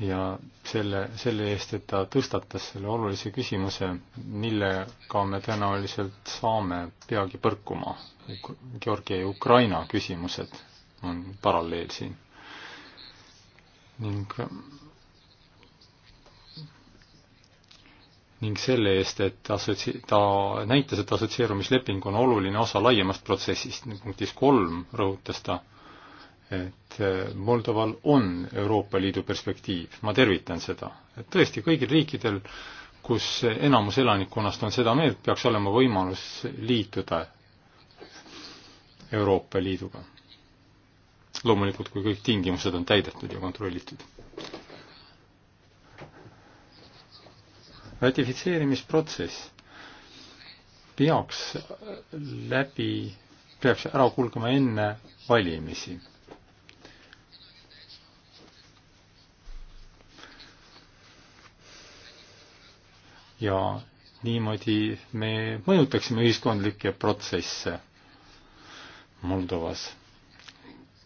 ja selle, selle eest, et ta tõstatas selle olulise küsimuse, millega me tõenäoliselt saame peagi põrkuma. Georgia ja Ukraina küsimused on paralleel siin. ning ning selle eest, et assotsi-, ta näitas, et assotsieerumisleping on oluline osa laiemast protsessist. punktis kolm rõhutas ta, et eh, Moldoval on Euroopa Liidu perspektiiv. ma tervitan seda. et tõesti, kõigil riikidel, kus enamus elanikkonnast on seda meelt, peaks olema võimalus liituda Euroopa Liiduga. loomulikult, kui kõik tingimused on täidetud ja kontrollitud ratifitseerimisprotsess peaks läbi, peaks ära kulgema enne valimisi. ja niimoodi me mõjutaksime ühiskondlikke protsesse Moldovas.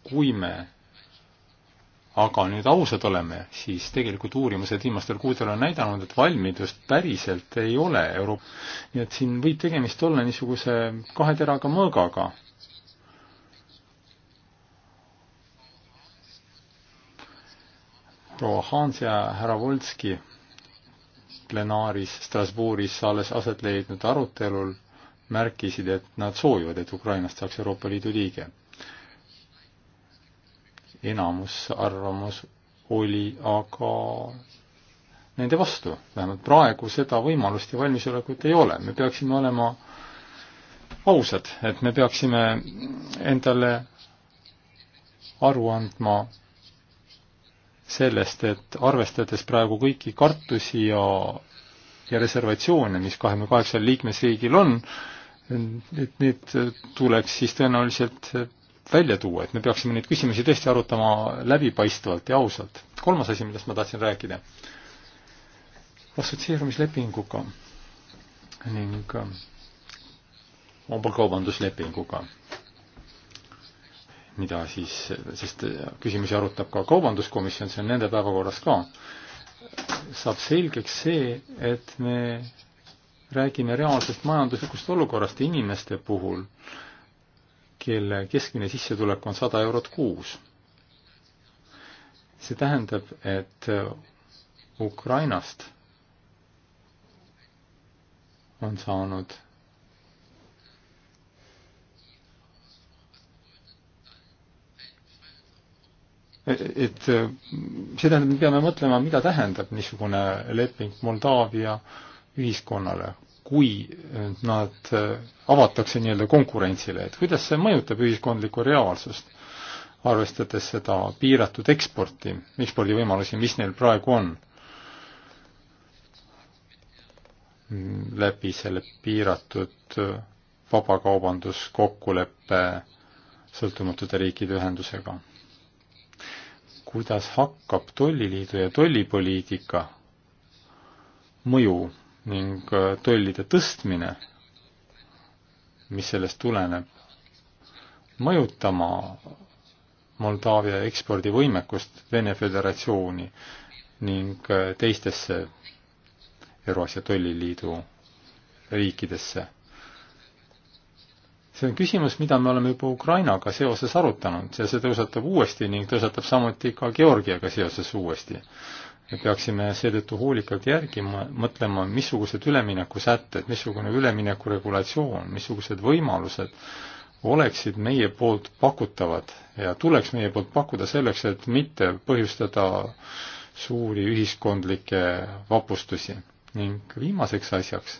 kui me aga nüüd ausad oleme, siis tegelikult uurimused viimastel kuudel on näidanud, et valmidust päriselt ei ole Euro-, nii et siin võib tegemist olla niisuguse kahe teraga mõõgaga. proua Hans ja härra Voltski plenaaris Strasbourgis alles aset leidnud arutelul märkisid, et nad soovivad, et Ukrainast saaks Euroopa Liidu liige enamus arvamus oli aga nende vastu. vähemalt praegu seda võimalust ja valmisolekut ei ole. me peaksime olema ausad, et me peaksime endale aru andma sellest, et arvestades praegu kõiki kartusi ja, ja reservatsioone, mis kahekümne kaheksal liikmesriigil on, et need tuleks siis tõenäoliselt välja tuua, et me peaksime neid küsimusi tõesti arutama läbipaistvalt ja ausalt. kolmas asi, millest ma tahtsin rääkida, assotsieerumislepinguga ning äh, vabakaubanduslepinguga, mida siis, sest äh, küsimusi arutab ka Kaubanduskomisjon, see on nende päevakorras ka, saab selgeks see, et me räägime reaalsest majanduslikust olukorrast inimeste puhul äh, kelle keskmine sissetulek on sada eurot kuus. see tähendab, et Ukrainast on saanud et see tähendab, me peame mõtlema, mida tähendab niisugune leping Moldaavia ühiskonnale, kui äh, nad äh, avatakse nii-öelda konkurentsile, et kuidas see mõjutab ühiskondlikku reaalsust, arvestades seda piiratud eksporti, ekspordivõimalusi, mis neil praegu on? läbi selle piiratud äh, vabakaubanduskokkuleppe sõltumatute riikide ühendusega. kuidas hakkab Tolliliidu ja tollipoliitika mõju ning äh, tollide tõstmine, mis sellest tuleneb, mõjutama Moldaavia ekspordivõimekust Vene Föderatsiooni ning äh, teistesse Euraasia Tolliliidu riikidesse. see on küsimus, mida me oleme juba Ukrainaga seoses arutanud ja see tõusetab uuesti ning tõusetab samuti ka Georgiaga seoses uuesti me peaksime seetõttu hoolikalt järgima, mõtlema, missugused üleminekusätted, missugune üleminekuregulatsioon, missugused võimalused oleksid meie poolt pakutavad ja tuleks meie poolt pakkuda selleks, et mitte põhjustada suuri ühiskondlikke vapustusi. ning viimaseks asjaks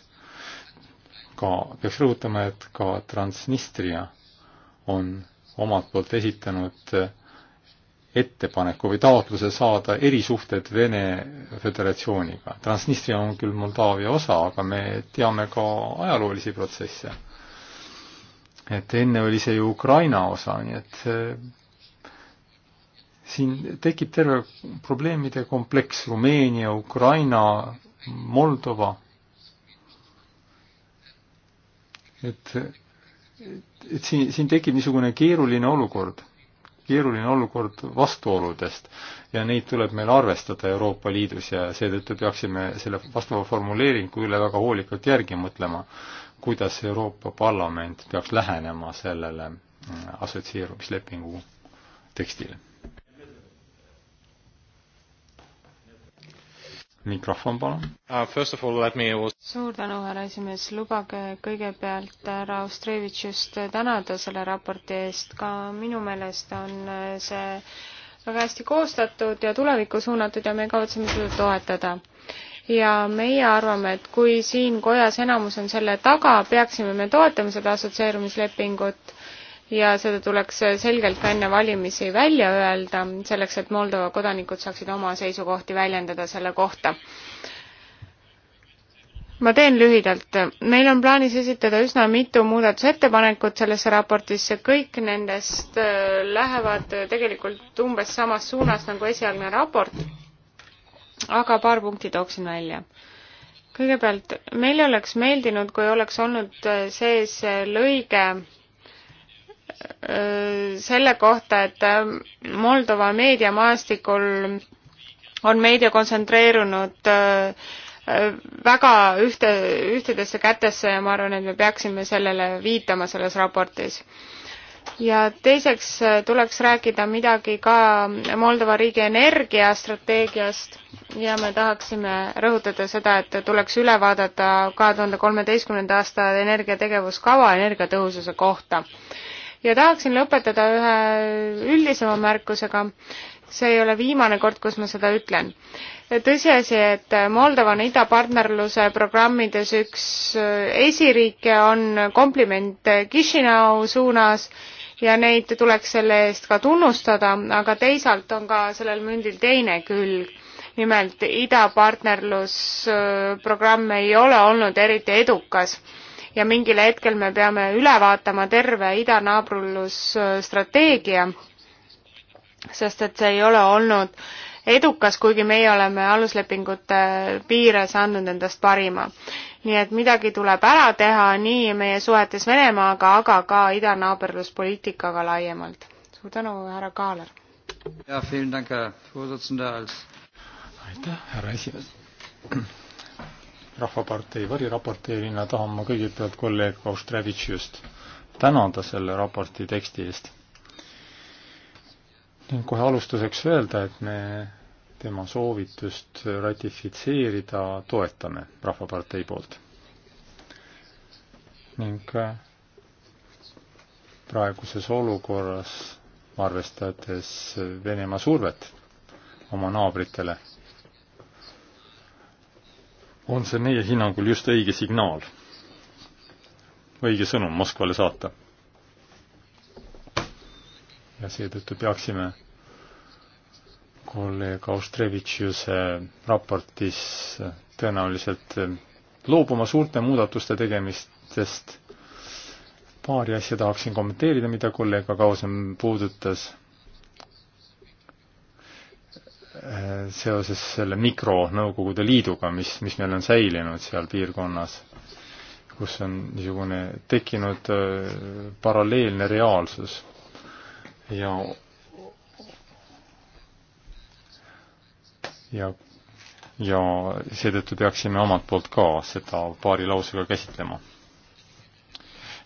ka peaks rõhutama, et ka Transnistria on omalt poolt esitanud äh, ettepaneku või taotluse saada erisuhted Vene Föderatsiooniga. Transnistria on küll Moldaavia osa, aga me teame ka ajaloolisi protsesse. et enne oli see ju Ukraina osa, nii et eh, siin tekib terve probleemide kompleks Rumeenia, Ukraina, Moldova. et, et siin, siin tekib niisugune keeruline olukord keeruline olukord vastuoludest ja neid tuleb meil arvestada Euroopa Liidus ja seetõttu peaksime selle vastava formuleeringu üle väga hoolikalt järgi mõtlema, kuidas Euroopa Parlament peaks lähenema sellele äh, assotsieerumislepingu tekstile mikrofon, palun uh,. Me... suur tänu, härra esimees, lubage kõigepealt härra Ostrevitšust tänada selle raporti eest, ka minu meelest on äh, see väga hästi koostatud ja tulevikku suunatud ja me kavatseme seda toetada. ja meie arvame, et kui siin kojas enamus on selle taga, peaksime me toetama seda assotsieerumislepingut ja seda tuleks selgelt ka enne valimisi välja öelda, selleks et Moldova kodanikud saaksid oma seisukohti väljendada selle kohta. ma teen lühidalt, meil on plaanis esitada üsna mitu muudatusettepanekut sellesse raportisse, kõik nendest äh, lähevad tegelikult umbes samas suunas nagu esialgne raport, aga paar punkti tooksin välja kõigepealt, meile oleks meeldinud, kui oleks olnud äh, sees äh, lõige Äh, selle kohta, et äh, Moldova meediamaastikul on meedia kontsentreerunud äh, väga ühte, ühtedesse kätesse ja ma arvan, et me peaksime sellele viitama selles raportis. ja teiseks tuleks rääkida midagi ka Moldova riigi energiastrateegiast ja me tahaksime rõhutada seda, et tuleks üle vaadata kahe tuhande kolmeteistkümnenda aasta energiategevuskava energiatõhususe kohta ja tahaksin lõpetada ühe üldisema märkusega. see ei ole viimane kord, kus ma seda ütlen. tõsiasi, et Moldova on idapartnerluse programmides üks esiriike, on kompliment Kišinau suunas ja neid tuleks selle eest ka tunnustada, aga teisalt on ka sellel mündil teine külg. nimelt idapartnerlusprogramm äh, ei ole olnud eriti edukas ja mingil hetkel me peame üle vaatama terve idanaabrusstrateegia, äh, sest et see ei ole olnud edukas, kuigi meie oleme aluslepingute piires andnud endast parima. nii et midagi tuleb ära teha nii meie suhetes Venemaaga, aga ka idanaaberluspoliitikaga laiemalt. suur tänu, härra Kaaler! aitäh, härra esimees! Rahvapartei variraporteerina tahan ma kõigepealt kolleeg Austrevitšiust tänada selle raporti teksti eest. ning kohe alustuseks öelda, et me tema soovitust ratifitseerida toetame Rahvapartei poolt. ning äh, praeguses olukorras, arvestades Venemaa survet oma naabritele on see meie hinnangul just õige signaal, õige sõnum Moskvale saata. ja seetõttu peaksime kolleeg Austrevitšiuse raportis tõenäoliselt loobuma suurte muudatuste tegemistest. paari asja tahaksin kommenteerida, mida kolleeg Agausen puudutas seoses selle mikronõukogude liiduga, mis, mis meil on säilinud seal piirkonnas, kus on niisugune tekkinud äh, paralleelne reaalsus ja ja, ja seetõttu peaksime omalt poolt ka seda paari lausega käsitlema.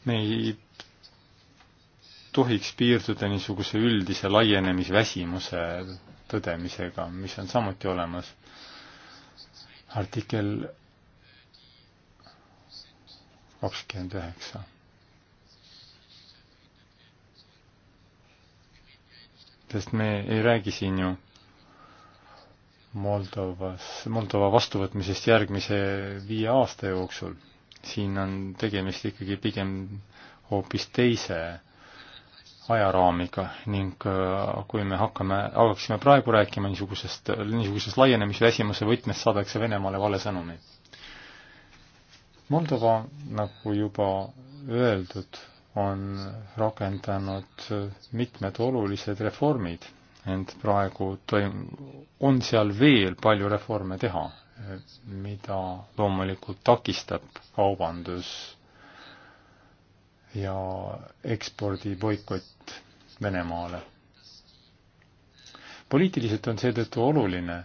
me ei tohiks piirduda niisuguse üldise laienemisväsimuse tõdemisega, mis on samuti olemas. artikkel kakskümmend üheksa. sest me ei räägi siin ju Moldovas, Moldova vastuvõtmisest järgmise viie aasta jooksul. siin on tegemist ikkagi pigem hoopis teise ajaraamiga ning äh, kui me hakkame, hakkaksime praegu rääkima niisugusest, niisugusest laienemisväsimuse võtmes, saadakse Venemaale vale sõnumeid. Moldova, nagu juba öeldud, on rakendanud mitmed olulised reformid, ent praegu toim-, on seal veel palju reforme teha, mida loomulikult takistab kaubandus ja ekspordi boikott Venemaale. poliitiliselt on seetõttu oluline,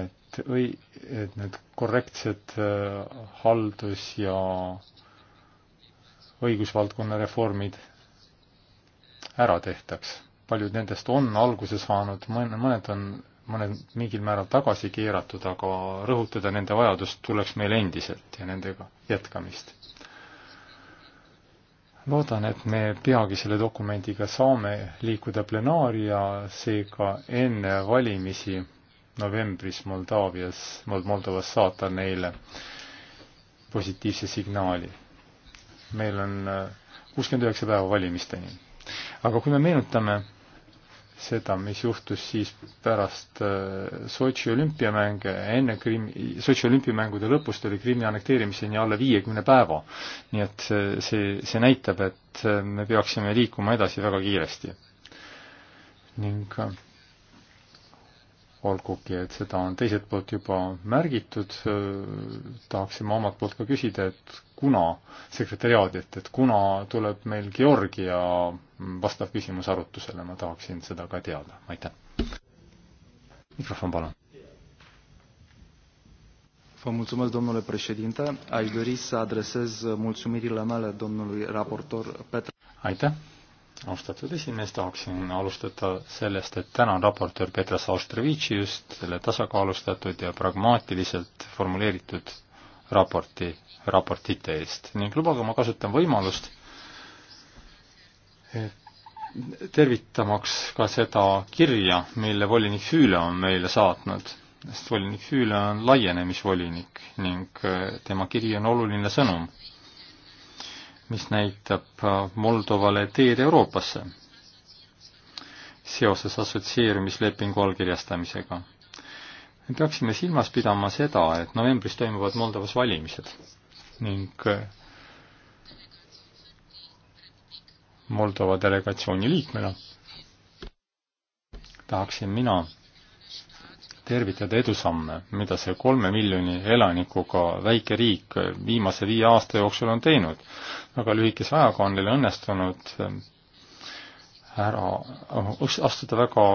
et õi-, et need korrektsed äh, haldus- ja õigusvaldkonna reformid ära tehtaks. paljud nendest on alguse saanud, mõne, mõned on, mõned mingil määral tagasi keeratud, aga rõhutada nende vajadust tuleks meil endiselt ja nendega jätkamist loodan, et me peagi selle dokumendiga saame liikuda plenaaria, seega enne valimisi novembris Moldaavias, Moldovas saata neile positiivse signaali. meil on äh, kuuskümmend üheksa päeva valimisteni. aga kui me meenutame seda, mis juhtus siis pärast äh, Sotši olümpiamänge, enne Krimmi, Sotši olümpiamängude lõpust oli Krimmi annekteerimiseni alla viiekümne päeva. nii et see, see näitab, et äh, me peaksime liikuma edasi väga kiiresti. ning äh, olgugi, et seda on teiselt poolt juba märgitud, äh, tahaksime omalt poolt ka küsida, et kuna, sekretäriaadilt, et kuna tuleb meil Georgia vastav küsimus arutusele, ma tahaksin seda ka teada, aitäh. mikrofon palun. Vă mulțumesc, domnule președinte. Aș dori să adresez mulțumirile mele domnului raportor Petre. Aitäh austatud esimees, tahaksin alustada sellest, et tänan raportöör Petra Saustrevitši just selle tasakaalustatud ja pragmaatiliselt formuleeritud raporti, raportite eest ning lubage, ma kasutan võimalust tervitamaks ka seda kirja, mille volinik Füüle on meile saatnud, sest volinik Füüle on laienemisvolinik ning äh, tema kiri on oluline sõnum mis näitab äh, Moldovale teed Euroopasse seoses assotsieerumislepingu allkirjastamisega. me peaksime silmas pidama seda, et novembris toimuvad Moldovas valimised ning äh, Moldova delegatsiooni liikmena tahaksin mina tervitada edusamme, mida see kolme miljoni elanikuga väike riik viimase viie aasta jooksul on teinud. väga lühikese ajaga on neil õnnestunud eh, ära eh, astuda väga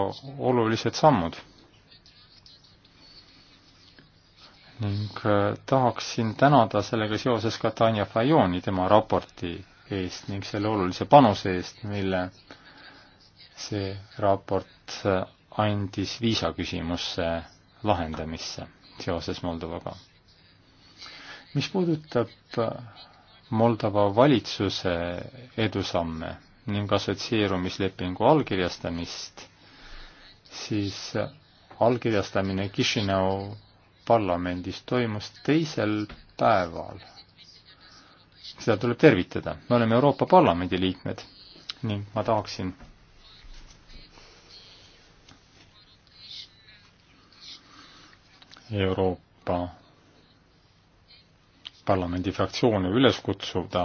olulised sammud. ning eh, tahaksin tänada sellega seoses ka Tanja Fajoni tema raporti eest ning selle olulise panuse eest, mille see raport andis viisaküsimusse lahendamisse seoses Moldovaga. mis puudutab äh, Moldova valitsuse edusamme ning assotsieerumislepingu allkirjastamist, siis äh, allkirjastamine Kišinev parlamendis toimus teisel päeval. seda tuleb tervitada, me oleme Euroopa Parlamendi liikmed ning ma tahaksin Euroopa Parlamendi fraktsioone üles kutsuda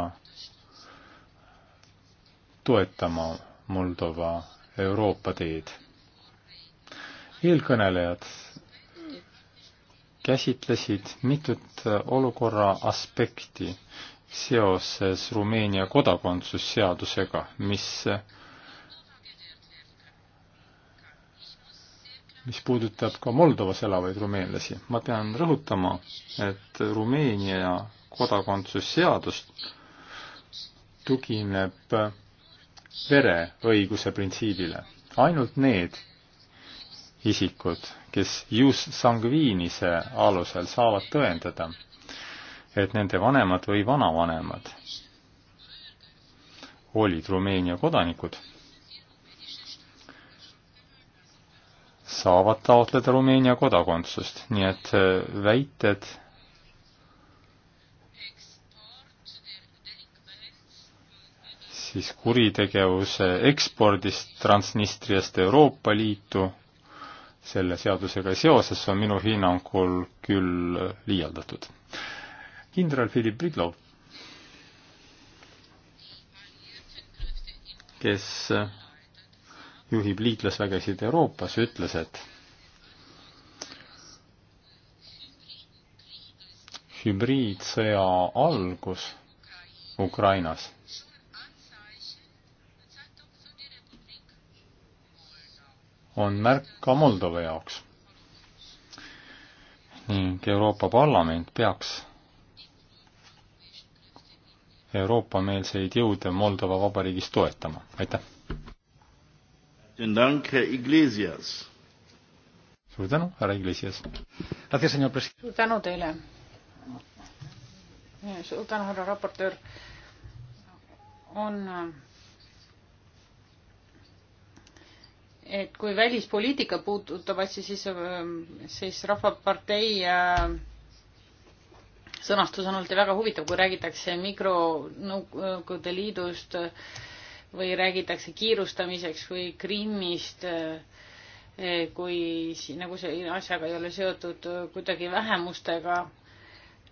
toetama Moldova Euroopa teed. eelkõnelejad käsitlesid mitut olukorra aspekti seoses Rumeenia kodakondsusseadusega, mis mis puudutab ka Moldovas elavaid rumeenlasi. ma pean rõhutama, et Rumeenia kodakondsusseadus tugineb vereõiguse printsiibile. ainult need isikud, kes jus sanguiinise alusel saavad tõendada, et nende vanemad või vanavanemad olid Rumeenia kodanikud saavad taotleda Rumeenia kodakondsust, nii et äh, väited siis kuritegevuse ekspordist Transnistriast Euroopa Liitu selle seadusega seoses on minu hinnangul küll liialdatud. kindral Philip Bridlov, kes juhib liitlasvägesid Euroopas, ütles, et hübriidsõja algus Ukrainas on märk ka Moldova jaoks ning Euroopa Parlament peaks Euroopa-meelseid jõude Moldova Vabariigis toetama, aitäh! suur tänu, härra Iglesias. suur tänu teile. suur tänu, härra raportöör. on et kui välispoliitika puudutab asja, siis, ähm, siis Rahvapartei äh, sõnastus on alati väga huvitav, kui räägitakse mikronõukogude liidust äh, või räägitakse kiirustamiseks või Krimmist, eh, kui nagu see asjaga ei ole seotud kuidagi vähemustega.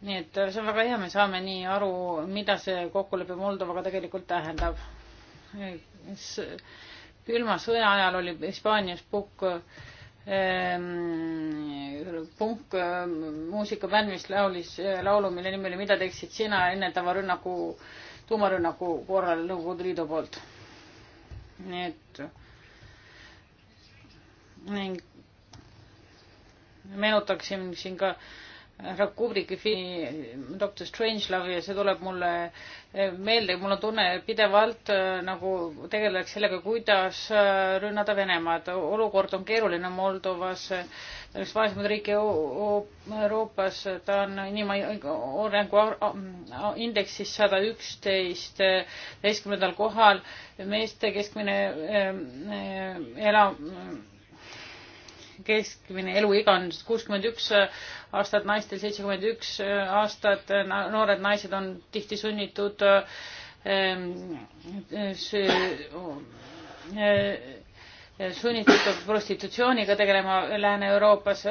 nii et eh, see on väga hea, me saame nii aru, mida see kokkulepe Moldovaga tegelikult tähendab. külma sõja ajal oli Hispaanias pukk ehm, punk eh, muusikabänd, mis laulis laulu, mille nimi oli Mida teeksid sina enne tavarünnaku tuumarünnaku korral Nõukogude Liidu poolt. nii et ning meenutaksin siin ka härra Kubricki filmi Doctor Strangelove ja see tuleb mulle eh, meelde, mul on tunne pidevalt eh, nagu tegeleks sellega, kuidas eh, rünnada Venemaad. olukord on keeruline Moldovas, ta on üks vaesemaid riike Euroopas, ta on inimarengu indeksis sada üksteist, üheksakümnendal kohal, meeste keskmine ela- keskmine eluiga on kuuskümmend üks aastat, naistel seitsekümmend üks aastat, noored naised on tihti sunnitud ehm, ehm, sunnitud prostitutsiooniga tegelema Lääne-Euroopas,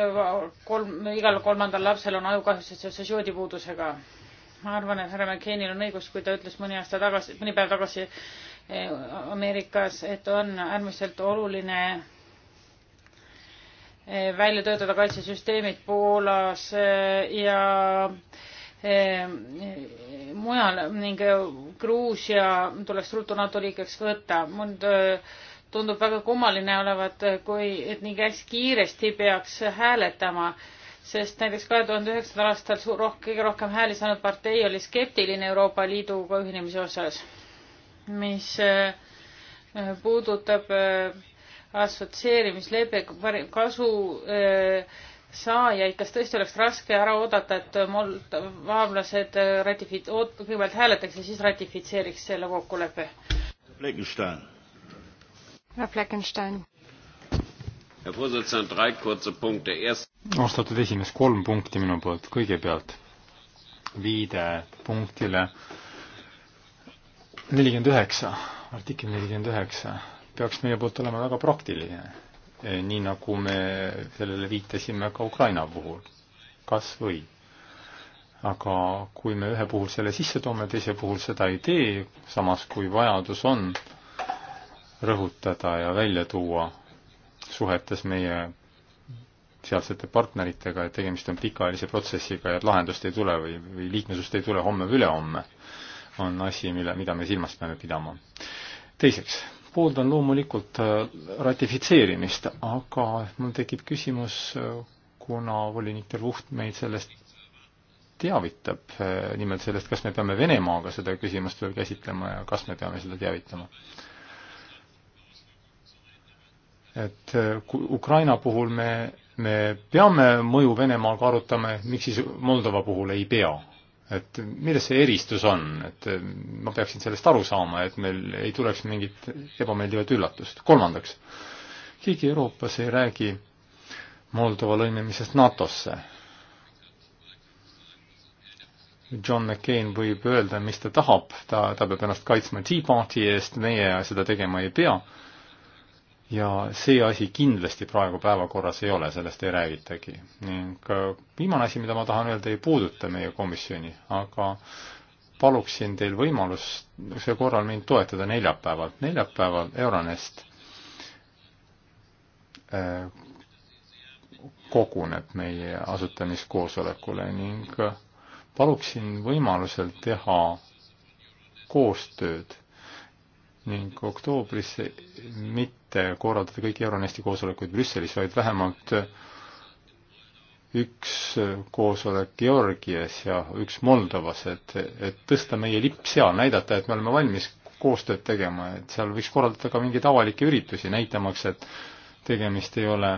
kolm, igal kolmandal lapsel on ajukahjustused seoses joodipuudusega. ma arvan, et härra McCainil on õigus, kui ta ütles mõni aasta tagasi, mõni päev tagasi eh, Ameerikas, et on äärmiselt oluline välja töötada kaitsesüsteemid Poolas eh, ja eh, mujal ning eh, Gruusia tuleks ruttu NATO liikmeks võtta. mul tundub väga kummaline olevat, kui, et nii hästi kiiresti peaks hääletama, sest näiteks kahe tuhande üheksandal aastal roh-, kõige rohkem hääli saanud partei oli skeptiline Euroopa Liiduga ühinemise osas, mis puudutab äh, assotsieerimislepe kasu äh, saajaid, kas tõesti oleks raske ära oodata, et moldovaavlased äh, ratifi-, oot-, kõigepealt hääletaks ja siis ratifitseeriks selle kokkuleppe? härra Fleckenstein. austatud esimees, kolm punkti minu poolt. kõigepealt viide punktile nelikümmend üheksa, artikkel nelikümmend üheksa peaks meie poolt olema väga praktiline, e, nii nagu me sellele viitasime ka Ukraina puhul, kas või. aga kui me ühe puhul selle sisse toome, teise puhul seda ei tee, samas kui vajadus on rõhutada ja välja tuua suhetes meie sealsete partneritega, et tegemist on pikaajalise protsessiga ja et lahendust ei tule või, või liikmesust ei tule homme või ülehomme, on asi, mille, mida me silmas peame pidama. teiseks pooldan loomulikult äh, ratifitseerimist, aga mul tekib küsimus, äh, kuna volinik Tervuht meid sellest teavitab, äh, nimelt sellest, kas me peame Venemaaga seda küsimust veel käsitlema ja kas me peame seda teavitama. et Ukraina puhul me, me peame mõju Venemaaga arutama, miks siis Moldova puhul ei pea? et milles see eristus on, et eh, ma peaksin sellest aru saama, et meil ei tuleks mingit ebameeldivat üllatust. kolmandaks, keegi Euroopas ei räägi Moldova lõimimisest NATO-sse. John McCain võib öelda, mis ta tahab, ta, ta peab ennast kaitsma Tea Party eest, meie seda tegema ei pea ja see asi kindlasti praegu päevakorras ei ole, sellest ei räägitagi. ning äh, viimane asi, mida ma tahan öelda, ei puuduta meie komisjoni, aga paluksin teil võimalust see korral mind toetada neljapäeval. neljapäeval Euronest äh, koguneb meie asutamiskoosolekule ning äh, paluksin võimalusel teha koostööd ning oktoobris mitte korraldada kõiki Euronesti koosolekuid Brüsselis, vaid vähemalt üks koosolek Georgias ja üks Moldovas, et, et tõsta meie lipp seal, näidata, et me oleme valmis koostööd tegema, et seal võiks korraldada ka mingeid avalikke üritusi, näitamaks, et tegemist ei ole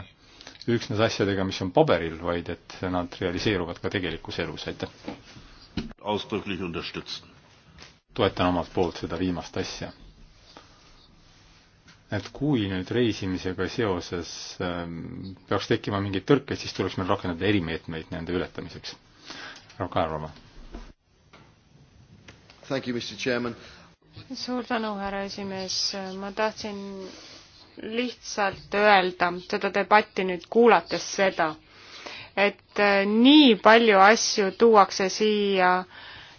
üksnes asjadega, mis on paberil, vaid et nad realiseeruvad ka tegelikus elus, aitäh! toetan omalt poolt seda viimast asja et kui nüüd reisimisega seoses ähm, peaks tekkima mingeid tõrkeid, siis tuleks meil rakendada erimeetmeid nende ületamiseks. härra Kaerova. suur tänu, härra esimees, ma tahtsin lihtsalt öelda seda debatti nüüd kuulates seda, et äh, nii palju asju tuuakse siia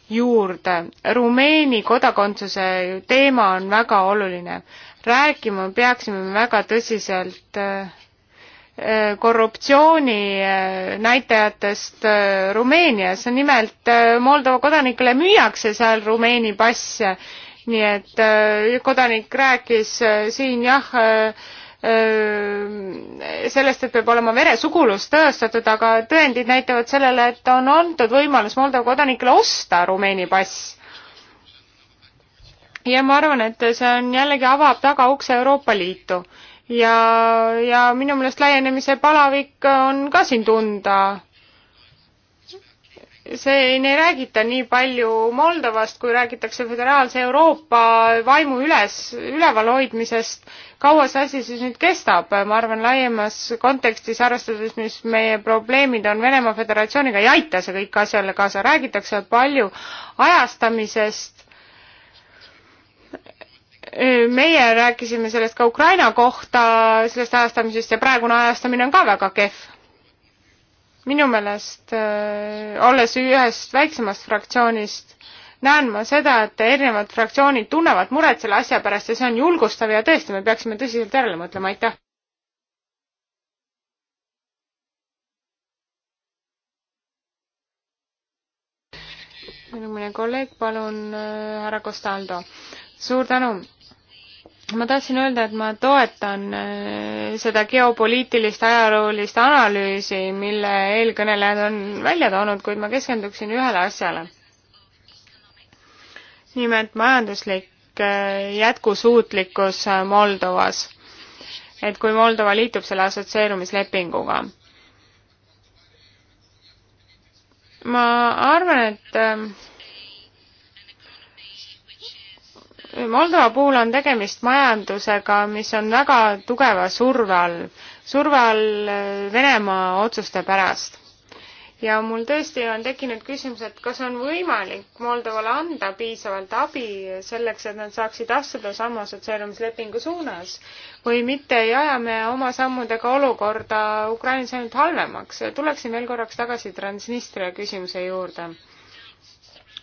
juurde. Rumeeni kodakondsuse teema on väga oluline rääkima peaksime me väga tõsiselt äh, äh, korruptsiooni äh, näitajatest Rumeenias. nimelt Moldova kodanikele müüakse seal Rumeeni passe, nii et kodanik rääkis siin jah, sellest, et peab olema veresugulus tõestatud, aga tõendid näitavad sellele, et on antud võimalus Moldova kodanikele osta Rumeeni pass ja ma arvan, et see on jällegi avab tagaukse Euroopa Liitu ja, ja minu meelest laienemise palavik on ka siin tunda. see, ei räägita nii palju Moldovast, kui räägitakse föderaalse Euroopa vaimu üles, ülevalhoidmisest. kaua see asi siis nüüd kestab, ma arvan, laiemas kontekstis, arvestades, mis meie probleemid on Venemaa Föderatsiooniga, ei aita see kõik asjale kaasa, räägitakse palju ajastamisest, meie rääkisime sellest ka Ukraina kohta, sellest ajastamisest ja praegune ajastamine on ka väga kehv. minu meelest, äh, olles ühest väiksemast fraktsioonist, näen ma seda, et erinevad fraktsioonid tunnevad muret selle asja pärast ja see on julgustav ja tõesti, me peaksime tõsiselt järele mõtlema, aitäh. minu mõni kolleeg, palun, äh, härra Costaldo suur tänu! ma tahtsin öelda, et ma toetan äh, seda geopoliitilist ajaloolist analüüsi, mille eelkõnelejad on välja toonud, kuid ma keskenduksin ühele asjale. nimelt majanduslik äh, jätkusuutlikkus äh, Moldovas. et kui Moldova liitub selle assotsieerumislepinguga. ma arvan, et Moldova puhul on tegemist majandusega, mis on väga tugeva surve all, surve all äh, Venemaa otsuste pärast. ja mul tõesti on tekkinud küsimus, et kas on võimalik Moldovale anda piisavalt abi selleks, et nad saaksid astuda sammu assotsieerumislepingu suunas või mitte ei aja me oma sammudega olukorda Ukrainas ainult halvemaks. tuleksin veel korraks tagasi Transnistria küsimuse juurde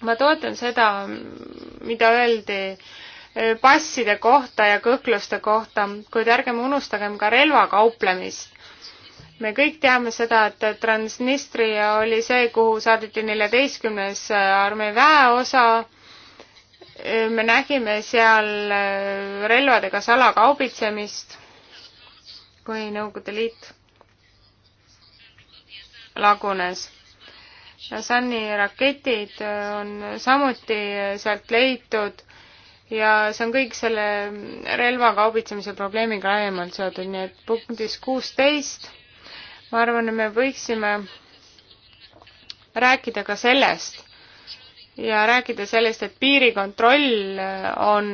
ma toetan seda, mida öeldi Eh, passide kohta ja kõhkluste kohta, kuid ärgem unustagem ka relvakauplemist. me kõik teame seda, et Transnistria oli see, kuhu saadeti neljateistkümnes armee väeosa. Eh, me nägime seal eh, relvadega salakaubitsemist, kui Nõukogude Liit lagunes Lasani raketid on samuti sealt leitud ja see on kõik selle relvakaubitsemise probleemiga laiemalt seotud, nii et punktis kuusteist ma arvan, et me võiksime rääkida ka sellest ja rääkida sellest, et piirikontroll on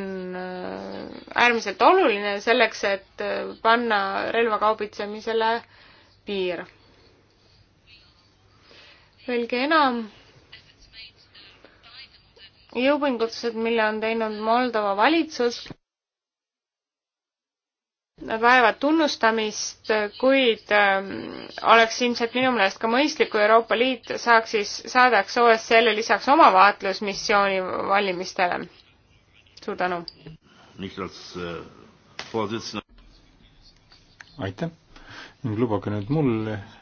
äärmiselt oluline selleks, et panna relvakaubitsemisele piir. veelgi enam jõupingutused, mille on teinud Moldova valitsus. Nad vajavad tunnustamist, kuid ähm, oleks ilmselt minu meelest ka mõistlik, kui Euroopa Liit saaks siis, saadaks OSCE-le lisaks oma vaatlusmissiooni valimistele. suur tänu! Äh, aitäh! ning lubage nüüd mul äh,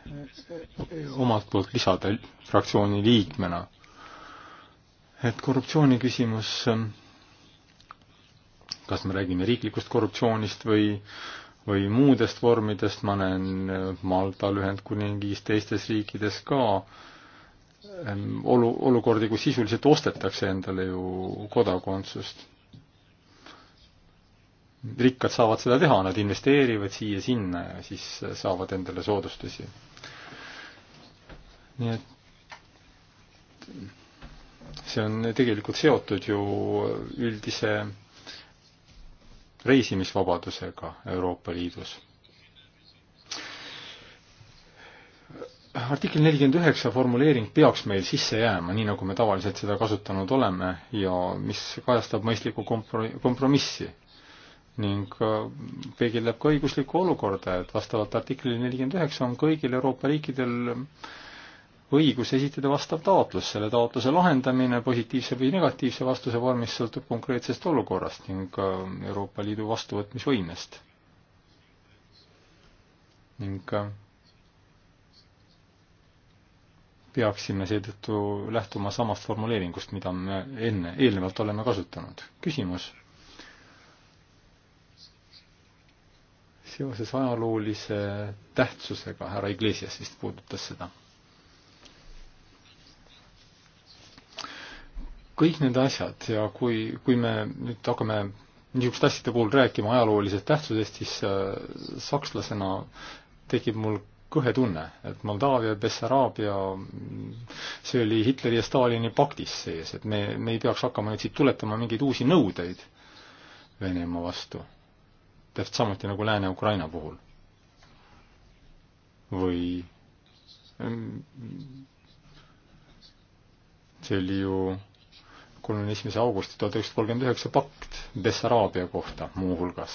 omalt poolt lisada fraktsiooni liikmena et korruptsiooni küsimus, kas me räägime riiklikust korruptsioonist või, või muudest vormidest, ma näen Maltal, Ühendkuningis, teistes riikides ka ehm, olu, olukordi, kus sisuliselt ostetakse endale ju kodakondsust. rikkad saavad seda teha, nad investeerivad siia-sinna ja siis saavad endale soodustusi. nii et see on tegelikult seotud ju üldise reisimisvabadusega Euroopa Liidus. artikkel nelikümmend üheksa formuleering peaks meil sisse jääma, nii nagu me tavaliselt seda kasutanud oleme ja mis kajastab mõistlikku kompromissi ning äh, peegeldab ka õiguslikku olukorda, et vastavalt artiklile nelikümmend üheksa on kõigil Euroopa riikidel äh, õigus esitada vastav taotlus. selle taotluse lahendamine positiivse või negatiivse vastuse vormis sõltub konkreetsest olukorrast ning äh, Euroopa Liidu vastuvõtmisvõimest. ning äh, peaksime seetõttu lähtuma samast formuleeringust, mida me enne, eelnevalt oleme kasutanud. küsimus? seoses ajaloolise tähtsusega, härra Iglesias vist puudutas seda kõik need asjad ja kui, kui me nüüd hakkame niisuguste asjade puhul rääkima ajaloolisest tähtsusest, siis äh, sakslasena tekib mul kõhe tunne, et Moldaavia, Bessaraabia, see oli Hitleri ja Stalini paktis sees, et me, me ei peaks hakkama nüüd siit tuletama mingeid uusi nõudeid Venemaa vastu. täpselt samuti nagu Lääne-Ukraina puhul. või mm, see oli ju kolmekümne esimese augusti tuhat üheksasada kolmkümmend üheksa pakt Bessaraabia kohta muuhulgas.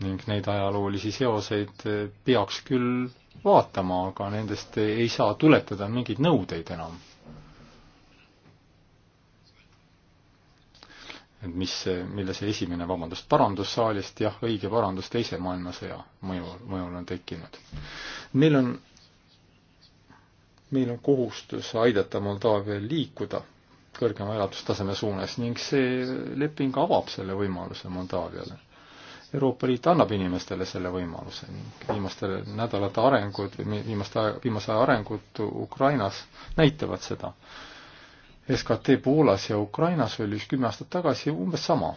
ning neid ajaloolisi seoseid peaks küll vaatama, aga nendest ei saa tuletada mingeid nõudeid enam. et mis, mille see esimene, vabandust, parandus saalist, jah, õige parandus Teise maailmasõja mõjul, mõjul on tekkinud. meil on meil on kohustus aidata Moldaavial liikuda kõrgema elatustaseme suunas ning see leping avab selle võimaluse Moldaaviale. Euroopa Liit annab inimestele selle võimaluse ning viimaste nädalate arengud või viimaste, viimase aja arengud Ukrainas näitavad seda. SKT Poolas ja Ukrainas oli just kümme aastat tagasi umbes sama.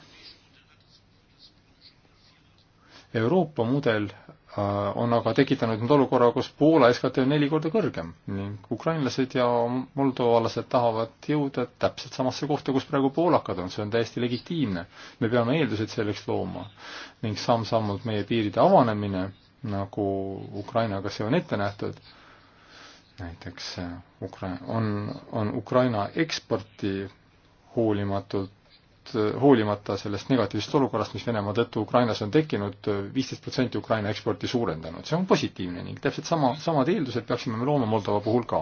Euroopa mudel Äh, on aga tekitanud nüüd olukorra, kus Poola SKT on neli korda kõrgem ning ukrainlased ja moldovalased tahavad jõuda täpselt samasse kohta, kus praegu poolakad on, see on täiesti legitiimne. me peame eeldused selleks looma ning samm-sammult meie piiride avanemine, nagu Ukrainaga see on ette nähtud, näiteks äh, Ukra-, on, on Ukraina eksporti hoolimatult Eh, hoolimata sellest negatiivsest olukorrast, mis Venemaa tõttu Ukrainas on tekkinud, eh, viisteist protsenti Ukraina eksporti suurendanud. see on positiivne ning täpselt sama, samad eeldused peaksime me looma Moldova puhul ka.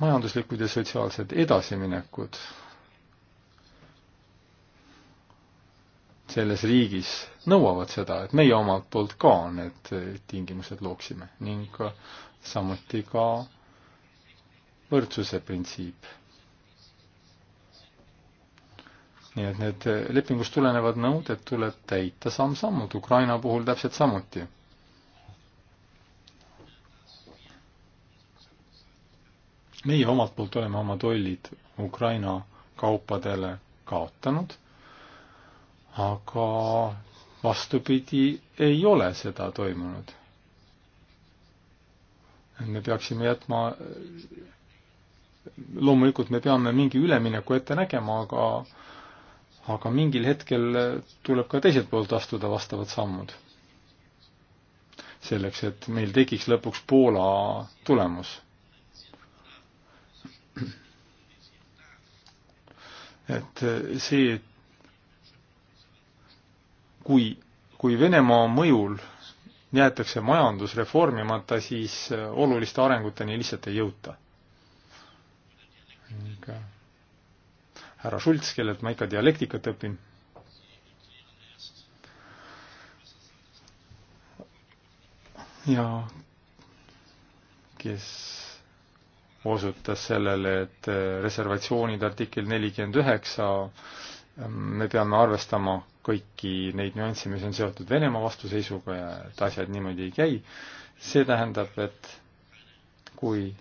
majanduslikud ja sotsiaalsed edasiminekud selles riigis nõuavad seda, et meie omalt poolt ka need eh, tingimused looksime ning samuti ka võrdsuse printsiip nii et need eh, lepingust tulenevad nõuded tuleb täita samm-sammult, Ukraina puhul täpselt samuti. meie omalt poolt oleme oma tollid Ukraina kaupadele kaotanud, aga vastupidi, ei ole seda toimunud. me peaksime jätma, eh, loomulikult me peame mingi ülemineku ette nägema, aga aga mingil hetkel tuleb ka teiselt poolt astuda vastavad sammud. selleks, et meil tekiks lõpuks Poola tulemus. et see, kui, kui Venemaa mõjul jäetakse majandus reformimata, siis oluliste arenguteni lihtsalt ei jõuta. niisugune äh, härra Schultz, kellelt ma ikka dialektikat õpin. ja kes osutas sellele, et reservatsioonid artikkel nelikümmend üheksa, me peame arvestama kõiki neid nüansse, mis on seotud Venemaa vastuseisuga ja et asjad niimoodi ei käi. see tähendab, et kui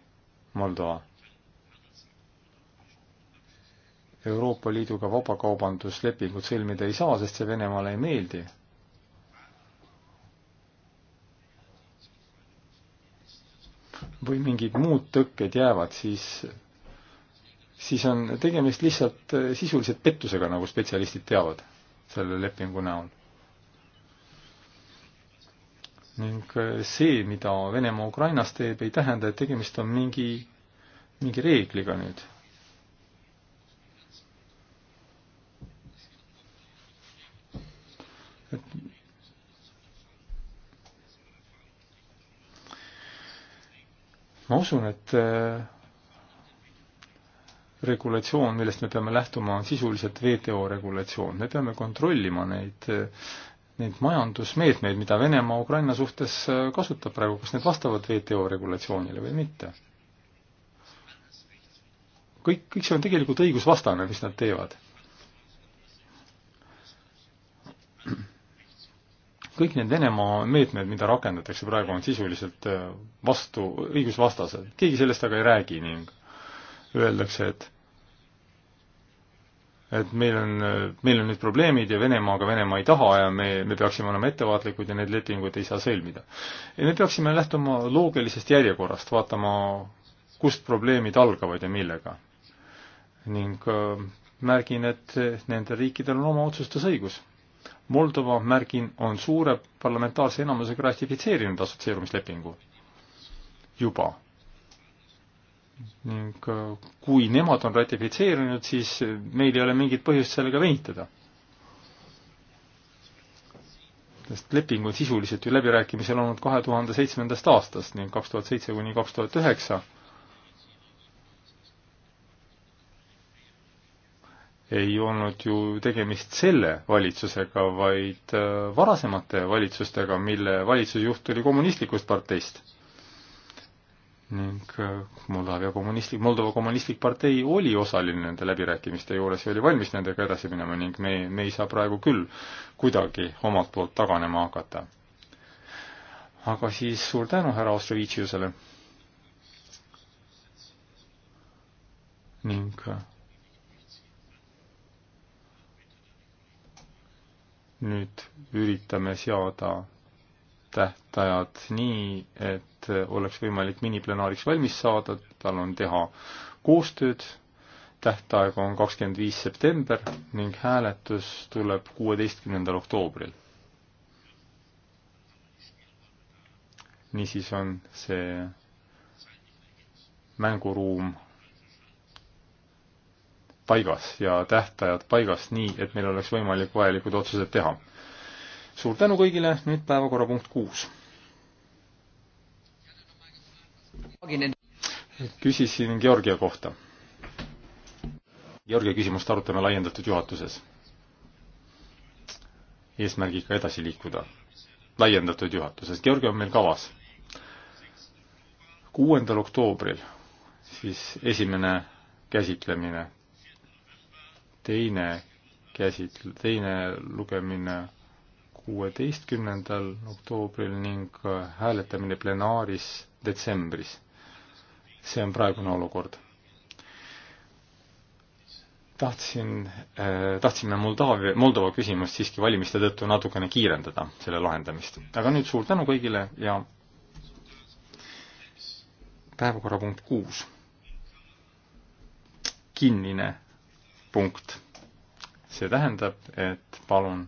Moldova Euroopa Liiduga vabakaubanduslepingut sõlmida ei saa, sest see Venemaale ei meeldi. või mingid muud tõkked jäävad, siis, siis on tegemist lihtsalt sisuliselt pettusega, nagu spetsialistid teavad selle lepingu näol. ning see, mida Venemaa Ukrainas teeb, ei tähenda, et tegemist on mingi, mingi reegliga nüüd ma usun, et äh, regulatsioon, millest me peame lähtuma, on sisuliselt WTO regulatsioon. me peame kontrollima neid, äh, neid majandusmeetmeid, mida Venemaa Ukraina suhtes äh, kasutab praegu, kas need vastavad WTO regulatsioonile või mitte. kõik, kõik see on tegelikult õigusvastane, mis nad teevad kõik need Venemaa meetmed, mida rakendatakse praegu, on sisuliselt äh, vastu, õigusvastased. keegi sellest aga ei räägi ning öeldakse, et et meil on, meil on nüüd probleemid ja Venemaaga Venemaa ei taha ja me, me peaksime olema ettevaatlikud ja need lepingud ei saa sõlmida. ja me peaksime lähtuma loogilisest järjekorrast, vaatama, kust probleemid algavad ja millega. ning äh, märgin, et nendel riikidel on oma otsustusõigus Moldova, märgin, on suure parlamentaarse enamusega ratifitseerinud assotsieerumislepingu juba. ning äh, kui nemad on ratifitseerinud, siis meil ei ole mingit põhjust sellega venitada. sest leping on sisuliselt ju läbirääkimisel olnud kahe tuhande seitsmendast aastast ning kaks tuhat seitse kuni kaks tuhat üheksa ei olnud ju tegemist selle valitsusega, vaid äh, varasemate valitsustega, mille valitsusjuht oli kommunistlikust parteist. ning äh, Moldavia kommunistlik, Moldova kommunistlik partei oli osaline nende läbirääkimiste juures ja oli valmis nendega edasi minema ning me, me ei saa praegu küll kuidagi omalt poolt taganema hakata. aga siis suur tänu härra Ostrovitšiusele ning äh, nüüd üritame seada tähtajad nii, et oleks võimalik miniplenaariks valmis saada, tal on teha koostööd, tähtaeg on kakskümmend viis september ning hääletus tuleb kuueteistkümnendal oktoobril. niisiis on see mänguruum paigas ja tähtajad paigas nii, et meil oleks võimalik vajalikud otsused teha. suur tänu kõigile, nüüd päevakorrapunkt kuus. küsisin Georgia kohta. Georgia küsimust arutame laiendatud juhatuses. eesmärgiga edasi liikuda. laiendatud juhatuses, Georgia on meil kavas. kuuendal oktoobril siis esimene käsitlemine teine käsit-, teine lugemine kuueteistkümnendal oktoobril ning äh, hääletamine plenaaris detsembris. see on praegune olukord. tahtsin, äh, tahtsime Moldaavia, Moldova küsimust siiski valimiste tõttu natukene kiirendada, selle lahendamist. aga nüüd suur tänu kõigile ja päevakorrapunkt kuus. kinnine punkt. see tähendab, et palun